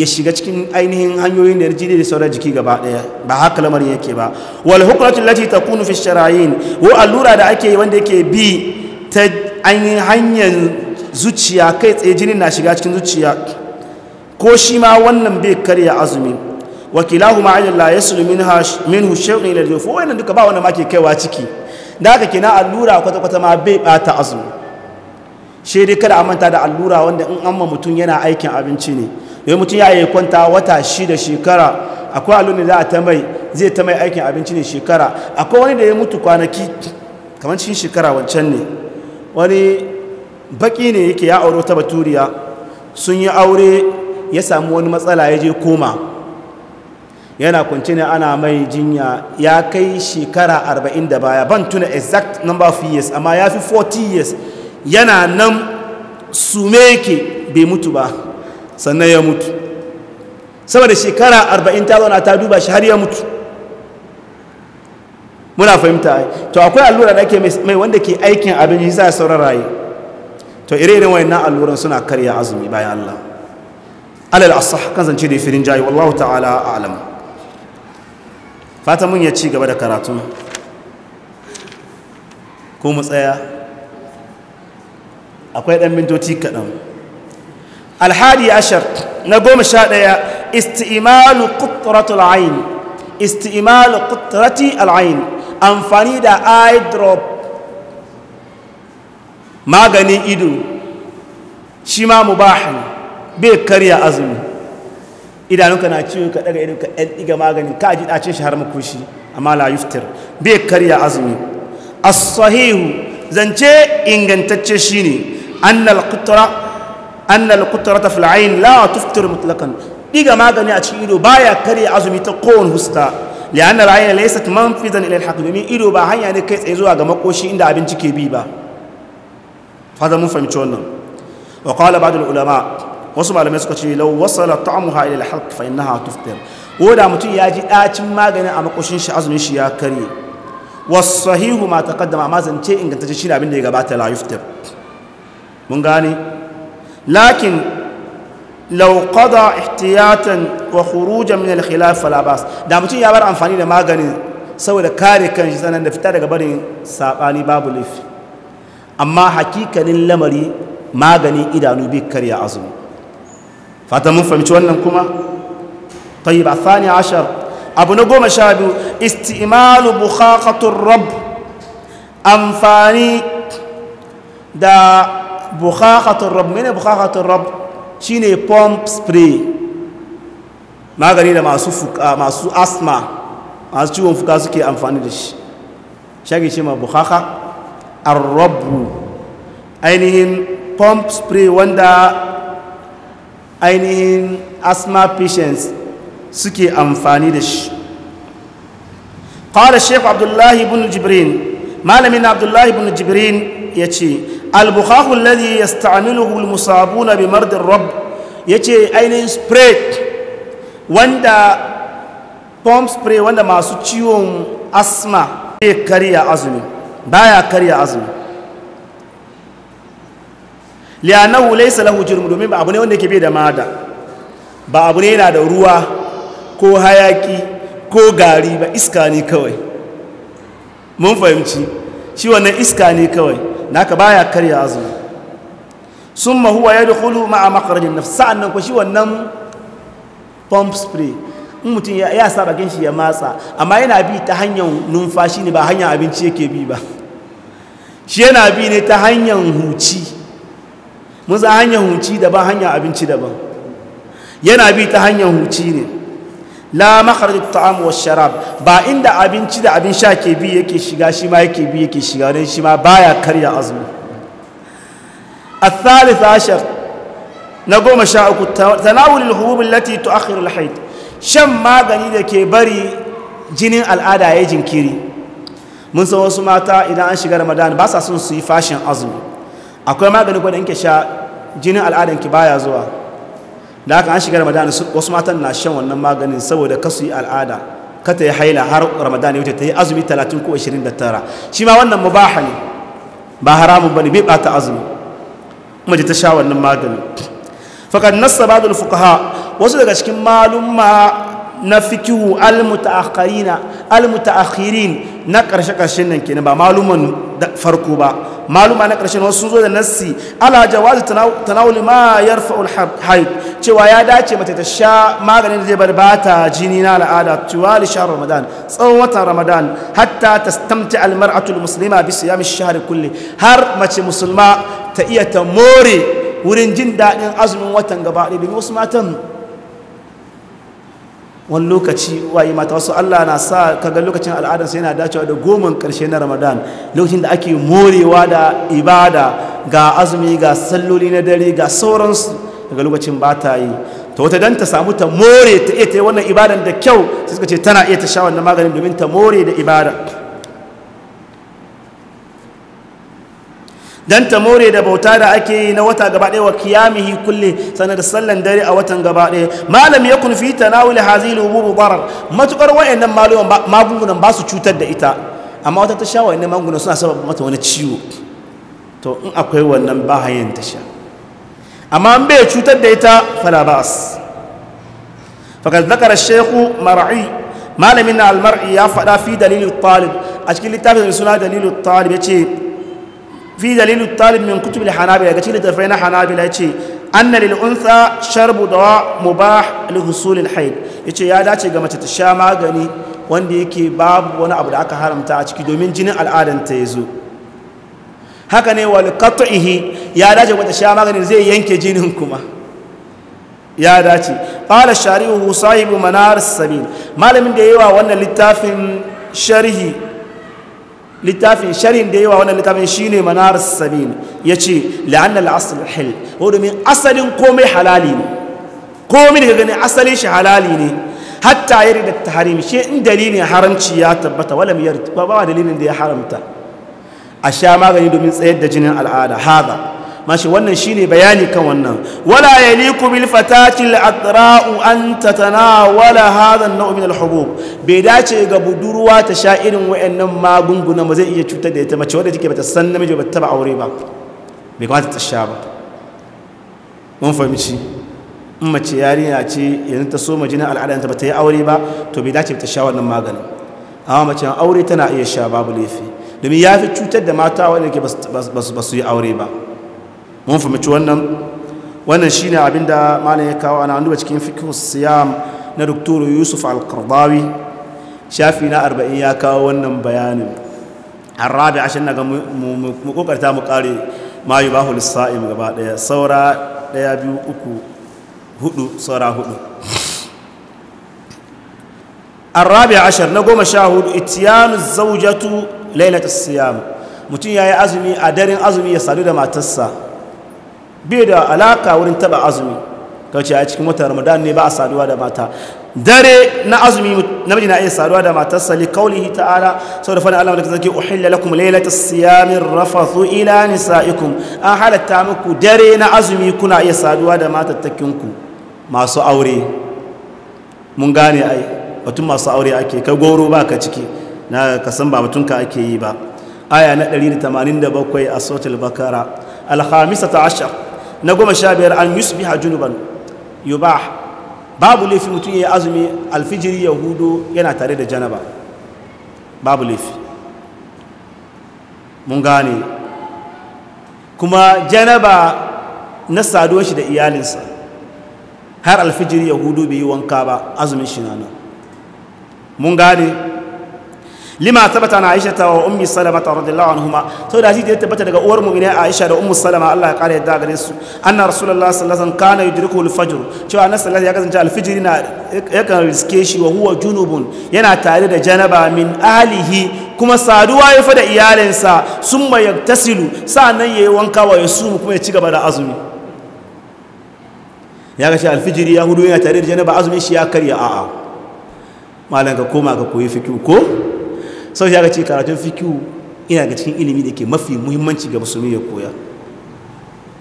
A: ya shiga cikin ainihin hanyoyin da jini da sauran jiki gaba daya ba haka lamarin yake ba wal hukratu lati takunu fi sharayin wa allura da ake wanda yake bi ta ainihin hanyar zuciya kai tsaye jinin na shiga cikin zuciya ko shi ma wannan bai karya azumi wakilahu ajalla yaslu minha minhu shay'un ila al-juf wannan duka ba wannan ma ke kaiwa ciki da haka kina allura kwata kwata ma bai bata azumi shi dai kada a manta da allura wanda in amma mutum yana aikin abinci ne yau mutum ya yi kwanta wata shi da shekara akwai allurin da za a ta mai zai ta mai aikin abinci ne shekara akwai wani da ya mutu kwanaki kamar cikin shekara wancan ne wani baki ne yake ya auro ta baturiya sun yi aure ya samu wani matsala ya je koma yana kunci ne ana mai jinya ya kai shekara 40 da baya ban tuna exact number of years amma ya fi 40 years yana nan su meke bai mutu ba sannan ya mutu saboda shekara 40 ta zauna ta duba shi har ya mutu muna fahimta to akwai allura da ake mai wanda ke aikin abin yi za a sauran rayu to ire-iren wayannan alluran suna karya azumi bayan Allah alal asah kan zance da firin jayi wallahu ta'ala a'lam fata mun ya ci gaba da karatu ko mu tsaya akwai dan mintoci kaɗan alhadi ashar na goma sha ɗaya isti'malu qutratul ayn isti'malu qutrati al ayn amfani da eye drop maganin ido shi ma mubahin bai karya azumi idanunka na ciwo ka daga idanunka ɗan ɗiga maganin ka ji ɗace shi har makoshi amma la yuftir bai karya azumi as-sahihu zance ingantacce shine annal qutra annal qutrata fil ayn la tuftir mutlaqan ɗiga magani a cikin ido baya karya azumi ta kowane huska li'anna al-ayn laysat manfidan ila al-haqq domin ido ba hanya ne kai tsaye zuwa ga makoshi inda abinci ke bi ba hada mun fahimci ulama wasu malamai suka ce law wasala ta'muha ila al halq fa innaha tuftir ko da mutum ya ji dacin magani a makoshin shi azumin shi ya karye was sahihu ma taqaddama ma zance ingantacce shi abin da ya gabata la mun gane lakin law itiyatan ihtiyatan wa khurujan min al khilaf da mutum ya bar amfani da maganin saboda kare kan shi sanan da fita daga barin sabani babu laifi amma hakikanin lamari magani idanu bi karya azumi fata mun fahimci wannan kuma tayyib athani ashar abu na goma sha biyu istimalu bukhaqatur rabb amfani da bukhaqatur rabb mene bukhaqatur rabb shine pump spray magani da masu fuka masu asma masu ciwon fuka suke amfani da shi shage shi ma bukhaqatur arrabu ainihin pump spray wanda ainihin asthma patients suke amfani da shi ƙawar sheik abdullahi ibn jibrin malamin abdullahi ibn jibrin ya ce albukhahun lalzi ya sta'amiluhu na bi mardin rob ya ce ainihin spray wanda pump spray wanda masu ciwon asma ke karya azumin. baya karya azumi liyanahu laysa lahu jirmu domin ba abu ne wanda yake bai da mada ba abu ne yana da ruwa ko hayaki ko gari ba iska ne kawai mun fahimci shi wannan iska ne kawai naka baya karya azumi summa huwa yadkhulu ma'a na nafs sa'annan ko shi wannan pump spray in mutum ya sa bakin shi ya matsa amma yana bi ta hanyar numfashi ne ba hanyar abinci yake bi ba shi yana bi ne ta hanyar huci musa hanyar huci daban hanyar abinci daban yana bi ta hanyar huci ne la makharij ta'am wa sharab ba inda abinci da abin sha ke bi yake shiga shi ma yake bi yake shiga don shi ma baya karya azumi الثالث عشر نقوم شاء تناول الحبوب التي تؤخر الحيض shan magani da ke bari jinin al'ada ya jinkiri mun san wasu mata idan an shiga ramadan ba sa son su yi fashin azumi akwai magani kwa da nke sha jinin al'adan ki baya zuwa da haka an shiga ramadan wasu matan na shan wannan maganin saboda kasu yi al'ada ta yi haila har ramadan ya wuce ta yi azumi 30 ko 29 shi ma wannan mubaha ne ba haramun bane bai bata azumi mace ta sha wannan maganin faqad nasaba ba'd al-fuqaha wasu daga cikin malumma na fikihu almutaakhirin na karshe-karshen nan kenan ba maluman farko ba maluma na karshen wasu zo da nassi ala jawazi tanawul ma yarfa'ul haid cewa ya dace mata ta sha maganin da zai bar bata jini na al'ada tuwali sha ramadan tsawon watan ramadan hatta tastamti almar'atul muslima bi siyami shahri kulli har mace musulma ta iya ta more wurin jin daɗin azumin watan gaba ɗaya wasu matan wani lokaci waye mata wasu Allah na sa kaga lokacin al'adar sai yana dacewa da goman karshe na Ramadan lokacin da ake morewa da ibada ga azumi ga salloli na dare ga sauransu daga lokacin ba ta yi ta wata dan ta samu ta more ta iya ta yi wannan ibadan da kyau sai suka ce tana iya ta sha wannan maganin domin ta more da ibada dan ta more da bauta da ake yi na wata gaba ɗaya wa kiyamihi kulle sanar sallan dare a watan gaba ɗaya malam ya kun fi tanawul hazil ububu barar matukar wayannan magungunan ba su cutar da ita amma wata ta sha wayannan magungunan suna sababa mata wani ciwo to in akwai wannan ba hayan ta sha amma an bai cutar da ita fala su fakad zakara shaykhu mar'i malamin na mari ya fada fi dalilin talib a cikin littafin suna dalilin talib ce. fi dalilu talib min kutub hanabila gaci littafai na hanabila yace anna lil sharbu dawa haid yace ya dace ga mace ta sha magani wanda yake babu wani abu da aka haramta a ciki domin jinin al'adar ta yazo haka ne wal qat'ihi ya dace ga ta magani zai yanke jinin kuma ya dace qala sahibu manar malamin da yawa wannan littafin sharhi littafin sharin da yawa wannan littafin shine manar sabil yace la'anna al-asl hil ko domin asalin komai halali ne komai daga gani asalin shi halali ne hatta yari da tahrim shi in dalilin haramci ya tabbata wala yar ba ba dalilin da ya haramta a sha magani domin tsayar da jinin al'ada hada mashi wannan shi ne bayani kan wannan wala yaliku bil fatati al atra'u an tatanawala wala hadan na al hubub bai dace ga budurwa ta sha irin wayannan magunguna ma zai iya cutar da ita mace wadda take bata san namiji bata taba aure ba bai kamata ta sha ba mun fahimci in mace yarinya ce yanzu ta so majinin al'adanta bata yi aure ba to bai dace ta sha wannan maganin amma mace aure tana iya sha babu laifi domin ya fi cutar da mata wadda ke ba su yi aure ba mun fahimci wannan wannan ne abin da malam ya kawo ana duba cikin fikin siyam na doktoro yusuf al shafi na 40 ya kawo wannan bayanin arabi a shan daga kokarta mu kare ma yubahu lis-sa'im gaba daya saura daya biyu uku hudu saura hudu arabi ashar na goma sha hudu itiyanu zaujatu lailatul siyam mutum ya yi azumi a daren azumi ya sadu da matarsa bai da alaka wurin taba azumi kauce a cikin wata ramadan ne ba a saduwa da mata dare na azumi namiji na iya saduwa da matarsa li kaulihi ta'ala sau da fadin Allah da zaki uhilla lakum lailata siyamin rafathu ila nisaikum an halatta muku dare na azumi kuna iya saduwa da matattakinku masu aure mun gane ai batun masu aure ake ka goro ba ka ciki na kasan ba batunka ake yi ba aya na 187 a sautul bakara alhamisata ashar na goma sha biyar an yusbiha junuban ba babu laifi mutum ya azumi alfijiri ya hudu yana tare da janaba babu laifi mun gane kuma janaba na saduwar shi da iyalinsa har alfijiri ya hudu bai yi wanka ba azumin shi na nan mun gane lima tabbata na aisha ta wa ummi salama ta wadda lawan huma to da shi ta tabbata daga uwar mu'mini aisha da ummu salama Allah ya kare da gare su anna rasulullah sallallahu alaihi wasallam kana yudriku al-fajr cewa na sallallahu ya kasance alfijiri fajr na yakan riske shi wa huwa junubun yana tare da janaba min alihi kuma saduwa ya fa da iyalinsa summa yaktasilu ya yi wanka wa yasumu kuma ya ci gaba da azumi ya ga shi al-fajr ya hudu yana tare da janaba azumi shi ya karya a'a malan ka koma ka koyi fikihu ko sau ya ce karatun fikiyu ina ga cikin ilimi da ke mafi muhimmanci ga musulmi ya koya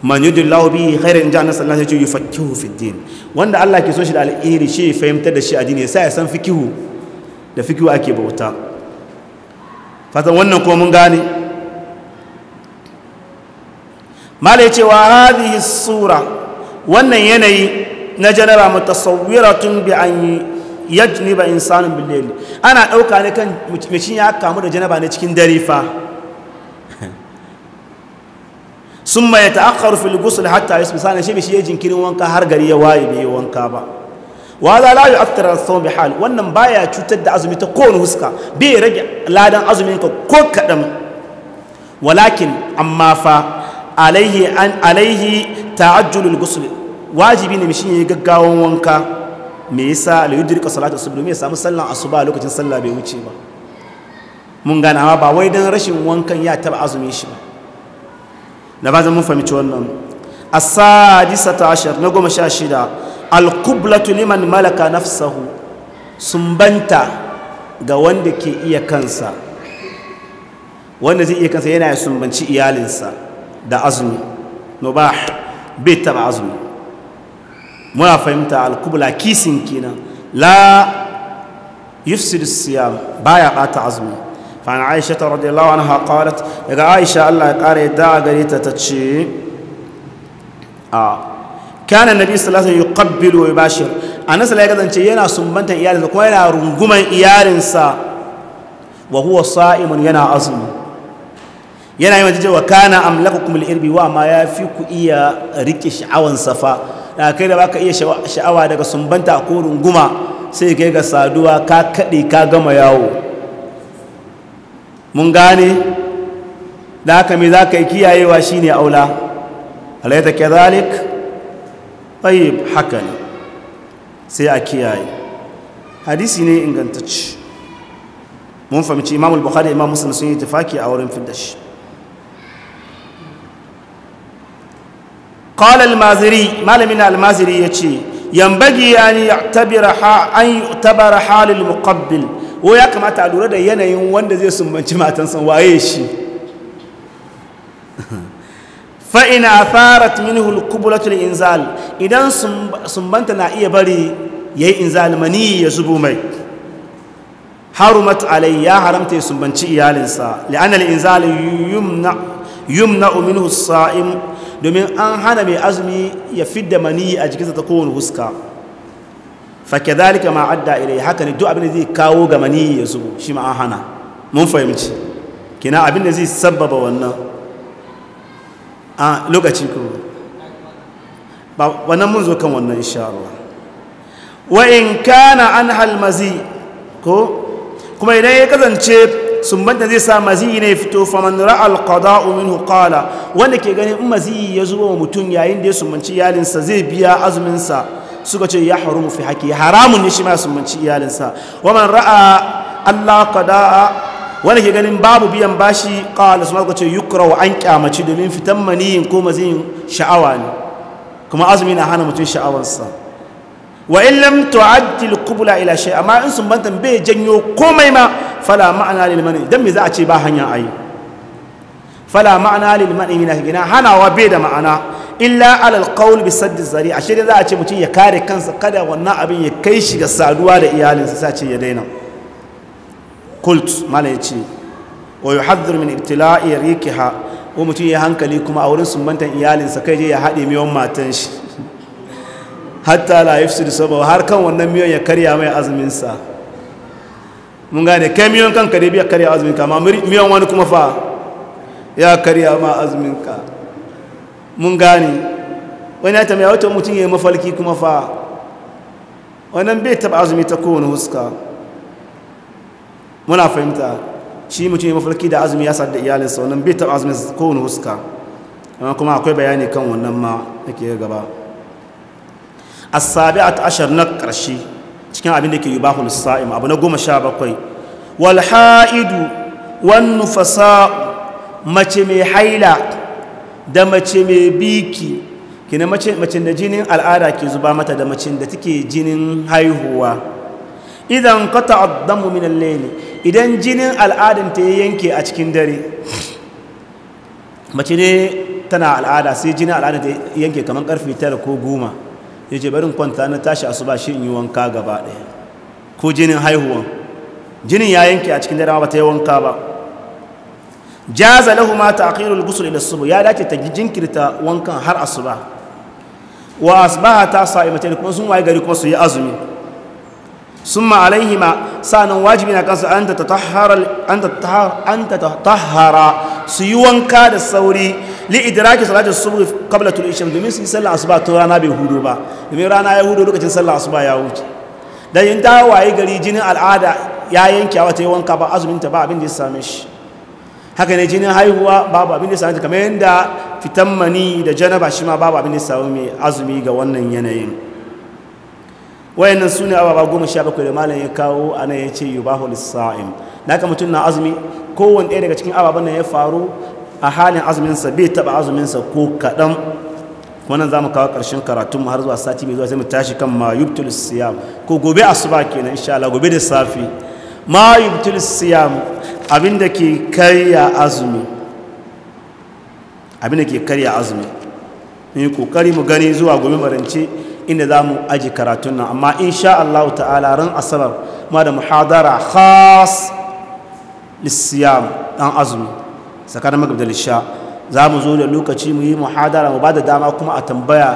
A: man yudu laubi bi ja na sallallahu alaihi wasallam yufaqihu fiddin wanda Allah ke so shi da al'iri shi ya fahimtar da shi a sai ya san fikihu da fikihu ake bauta fatan wannan ko mun gane ce cewa hadhihi sura wannan yanayi na janara mutasawwiratun bi an yajni ba insanun billayl ana ɗauka ne kan mutum ya kamu da janaba ne cikin dare fa summa yata'akhkharu fil ghusl hatta yasbi sana shi shi jinkirin wanka har gari ya waye bai wanka ba wa la la yu'athir al-sawm bihal wannan baya cutar da azumi ta kowane huska bai rage ladan azumin ka ko kaɗan walakin amma fa alaihi ta'ajjulul wajibi ne mishin yi gaggawon wanka me yasa la yudrika salatu subh domin ya samu sallan asuba lokacin sallah bai wuce ba mun gana ba wai dan rashin wankan ya taba azumi shi ba da ba zan mun fahimci wannan as-sadisata ashar na goma sha shida al-qublatu liman malaka nafsahu sumbanta ga wanda ke iya kansa wanda zai iya kansa yana ya sumbanci iyalinsa da azumi mubah bai taba azumi muna fahimta alkubla kisin kenan la yufsidu siyam baya bata azumi fa an aisha ta radiyallahu anha qalat daga aisha Allah ya kare da gare ta tace a kana nabi sallallahu alaihi wasallam yuqabbilu wa yubashir anas la kasance yana sumbantan iyalinsa kuma yana runguman iyalinsa wa huwa sa'imun yana azumi yana yi wa kana amlakukum al-irbi wa ma fi ku iya rike sha'awan safa da ah, kai da baka iya sha'awa daga sumbanta ko runguma sai kai ga saduwa ka kaɗe ka gama yawo mun gane da haka me za yi kiyayewa shine aula alayta kadhalik tayyib hakan haka ne sai a kiyaye hadisi ne ingantacce mun fahimci imam al-bukhari imam muslim sun yi tafaki a wurin fidda shi qala al-maziri malamin al-maziri yace yambagi an ya'tabira an yu'tabara halil muqabbil wo ya kamata a lura da yanayin wanda zai sumbanci matansa waye shi fa'ina in atharat minhu al-qublatu inzal idan sumbanta na iya bari yayi inzal mani ya zubo mai harumat alai ya haramta ya iyalinsa li'anna al-inzal yumna domin an hana mai azumi ya fidda mani a jikinsa ta kowane huska fake dalika ma adda ilai haka ne duk abin da zai kawo ga mani ya zubo shi ma an hana mun fahimci kina abin da zai sababa wannan a lokaci ku ba wannan mun zo kan wannan insha Allah wa in kana an halmazi ko kuma idan ya kasance sumbanta zai sa maziyi ne fito faman ra'a alqada'u minhu qala wanda ke ganin in maziyi ya zuwa mutum yayin da ya sumbanci iyalinsa zai biya azuminsa suka ce ya haramu fi haƙi haramun ne shi ma sumbanci iyalinsa waman ra'a Allah qada'a wanda ke ganin babu biyan bashi qala su suka ce yukra wa an kyamaci domin fitan maniyin ko maziyin sha'awa ne kuma azumi na hana mutum sha'awarsa wa in lam tu'addil qubla ila shay amma in sumbantan bai janyo komai ma fala ma'ana lil mani dan me za a ce ba hanya ai fala ma'ana lil mani min hana wa bai da ma'ana illa alal qawl bi sadd zari a da za a ce mutum ya kare kansa kada wannan abin ya kai shi ga saduwa da iyalinsa sai ce ya daina kult malai ya ce wa yuhadhdhir min ibtila'i rikiha ko mutum ya hankali kuma a wurin sumbantan iyalinsa kai je ya hade miyon matan shi hatta la yafsidu sabawa har kan wannan miyon ya karya mai azumin sa mun gane kai miyan kanka da biya karya azuminka ma amma miyan wani kuma fa ya karya ma azuminka mun gane wani ya tambaya wata mutum ya yi mafalki kuma fa wannan bai taba azumi ta kowane huska muna fahimta shi mutum ya mafalki da azumi ya sadda iyalinsa wannan bai taba azumi ta kowane huska amma kuma akwai bayani kan wannan ma ake gaba a ta ashar na ƙarshe cikin abin da ke yubahul sa'im abu na goma sha bakwai Walha'idu wannu wan mace mai haila da mace mai biki mace mace da jinin al'ada ke zuba mata da mace da take jinin haihuwa idan idan jinin al'adan ta yanke a cikin dare mace ne tana al'ada sai jinin al'adan ta yanke kamar karfe 9 ko 10 ya ce barin kwanta na tashi asuba shi in yi wanka gaba ɗaya ko jinin haihuwan jinin ya yanke a cikin dare ba ta yi wanka ba jaza lahu ma ta ta'khirul ghusl ila subu ya dace ta jinkirta wankan har asuba wa asbaha ta sa'imatan kuma sun waye gari kuma su yi azumi sun summa alaihima nan wajibi na kansu an ta tatahara su yi wanka da sauri li idraki salatu subh qabla tul isham domin su yi sallar asuba ta rana bai hudu ba domin rana ya hudu lokacin sallar asuba ya wuce dan yin ta yi gari jinin al'ada ya yanke a wata wanka ba azumin ta ba abin da ya same shi haka ne jinin haihuwa babu abin da ya same ta kamar yadda fitan mani da janaba shi ma babu abin da ya same mai azumi ga wannan yanayin wayannan su ne ababa goma sha bakwai da malam ya kawo a nan ya ce yubahu lissa'im da haka mutum na azumi kowane ɗaya daga cikin ababan nan ya faru a halin azuminsa bai taɓa azuminsa ko kaɗan wannan za mu kawo ƙarshen karatunmu har zuwa sati mai zuwa sai mu tashi kan ma yubtul siyam ko gobe asuba kenan insha Allah gobe da safi ma yubtul siyam abinda ke karya azumi abinda ke karya azumi mu yi kokari mu gani zuwa gobe marance inda za mu aji karatun nan amma insha Allah ta'ala ran asabar ma da muhadara khas lissiyam dan azumi tsakanin magabda lisha za mu zo da lokaci mu yi muhadara mu ba da dama kuma a tambaya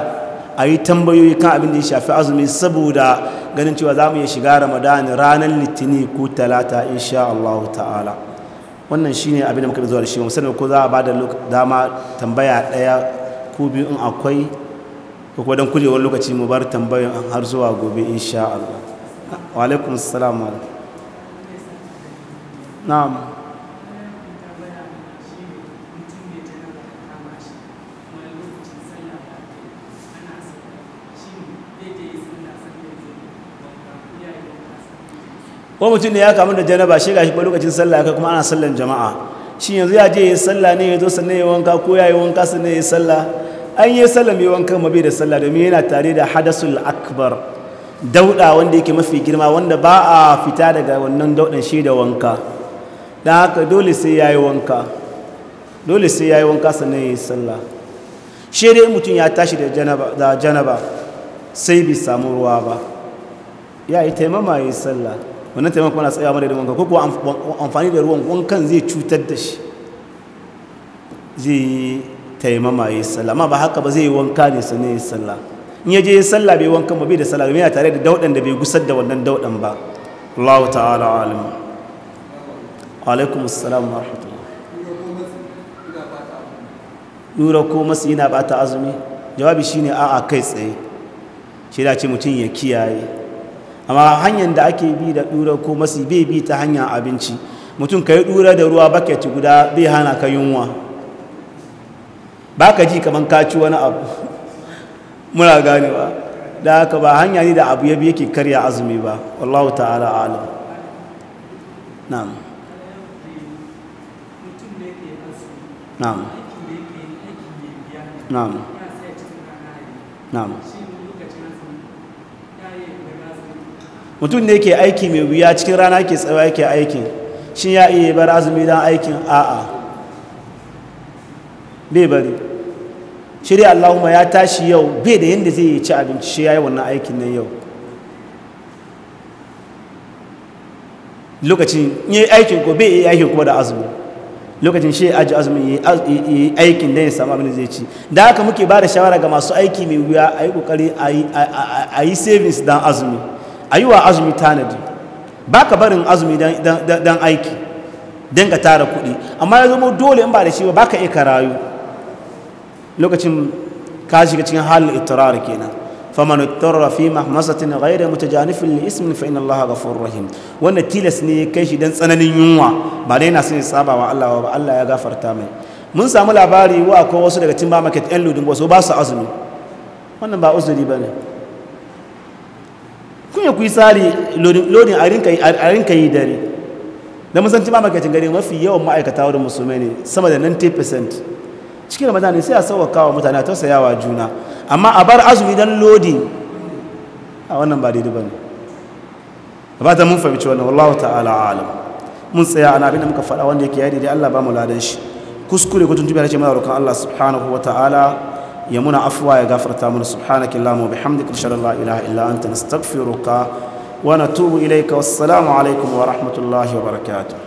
A: a yi tambayoyi kan abin da ya shafi azumi saboda ganin cewa za mu iya shiga ramadani ranar litini ko talata insha Allah ta'ala wannan shi ne abin da muka zuwa da shi musamman ko za a ba da dama tambaya ɗaya ko biyu in akwai ko kuma don kujewar lokaci mu bar tambayoyin har zuwa gobe insha Allah wa alaikum assalam na'am ko mutum ne ya kamu da janaba shi gashi lokacin sallah kai kuma ana sallan jama'a shi yanzu ya je ya sallah ne ya zo sannan ya wanka ko ya yi wanka sannan ya yi sallah an yi sallah mai wanka mabe da sallah domin yana tare da hadasul akbar dauda wanda yake mafi girma wanda ba a fita daga wannan daudan shi da wanka don haka dole sai ya yi wanka dole sai ya yi wanka sannan ya yi sallah shi dai mutum ya tashi da janaba sai bai samu ruwa ba ya yi taimama ya yi sallah wannan taimakon na tsaya mara da wanka ko amfani da ruwan wankan zai cutar da shi zai taimama ya yi sallah amma ba haka ba zai yi wanka ne sannan ya yi sallah in ya je ya sallah bai wankan ba bai da sallah yana tare da daudan da bai gusar da wannan daudan ba Allah ta'ala alim alaikum assalam wa rahmatullah yura ko masu yana bata azumi jawabi shine a'a kai tsaye shi da ce mutum ya kiyaye amma hanyar da ake bi da ɗura ko masu bai bi ta hanyar abinci mutum ka yi ɗura da ruwa baketi guda bai hana ka yunwa ba ka ji kamar kaci wani abu muna gane ba da haka ba hanya ne da abu ya yake karya azumi ba wallahu ta'ala alam na'am na'am na'am na'am mutum ne ke aiki mai wuya cikin rana ke tsawa ke aikin shi ya iya bar azumi don aikin a'a bai bari shirya allahumma ya tashi yau bai da yadda zai yi ci abinci shi ya yi wannan aikin nan yau lokacin yi aikin ko bai yi aikin kuma da azumi lokacin shi aji azumin yi aikin da ya samu abin da zai ci da haka muke ba da shawara ga masu aiki mai wuya a yi kokari a yi savings don azumi a yi wa azumi tanadi ba ka barin azumi don aiki don ka tara kuɗi amma ya zama dole in ba da shi ba ka iya rayu lokacin ka shiga cikin halin ittirar kenan faman ittarra fi da ghayra mutajanifin li ismin fa inna allaha ghafurur rahim wannan tilas ne kai shi dan tsananin yunwa ba dai na sani saba wa Allah ba Allah ya gafarta mai mun samu labari wa akwai wasu daga cikin ba market yan ludin wasu ba su azumi wannan ba uzuri bane kun ku yi tsari lodin a rinka yi dare da musanci ma makacin gari mafi yawan ma'aikata wurin musulmai ne sama da 90% cikin ramadan ne sai a sauwaka wa mutane a tausayawa juna amma a bar azumi don lodi a wannan ba daidai ba ne ba ta mun fahimci wannan wallahu ta'ala alam mun tsaya ana abin da muka faɗa wanda yake yadi dai Allah ba mu ladan shi kuskure ko tuntuɓe rashin mana roƙon Allah subhanahu wa ta'ala ya muna afuwa ya gafarta mana subhanaka allahumma wa bihamdika ashhadu an la ilaha illa anta nastaghfiruka wa natubu ilayka wassalamu alaikum wa rahmatullahi wa barakatuh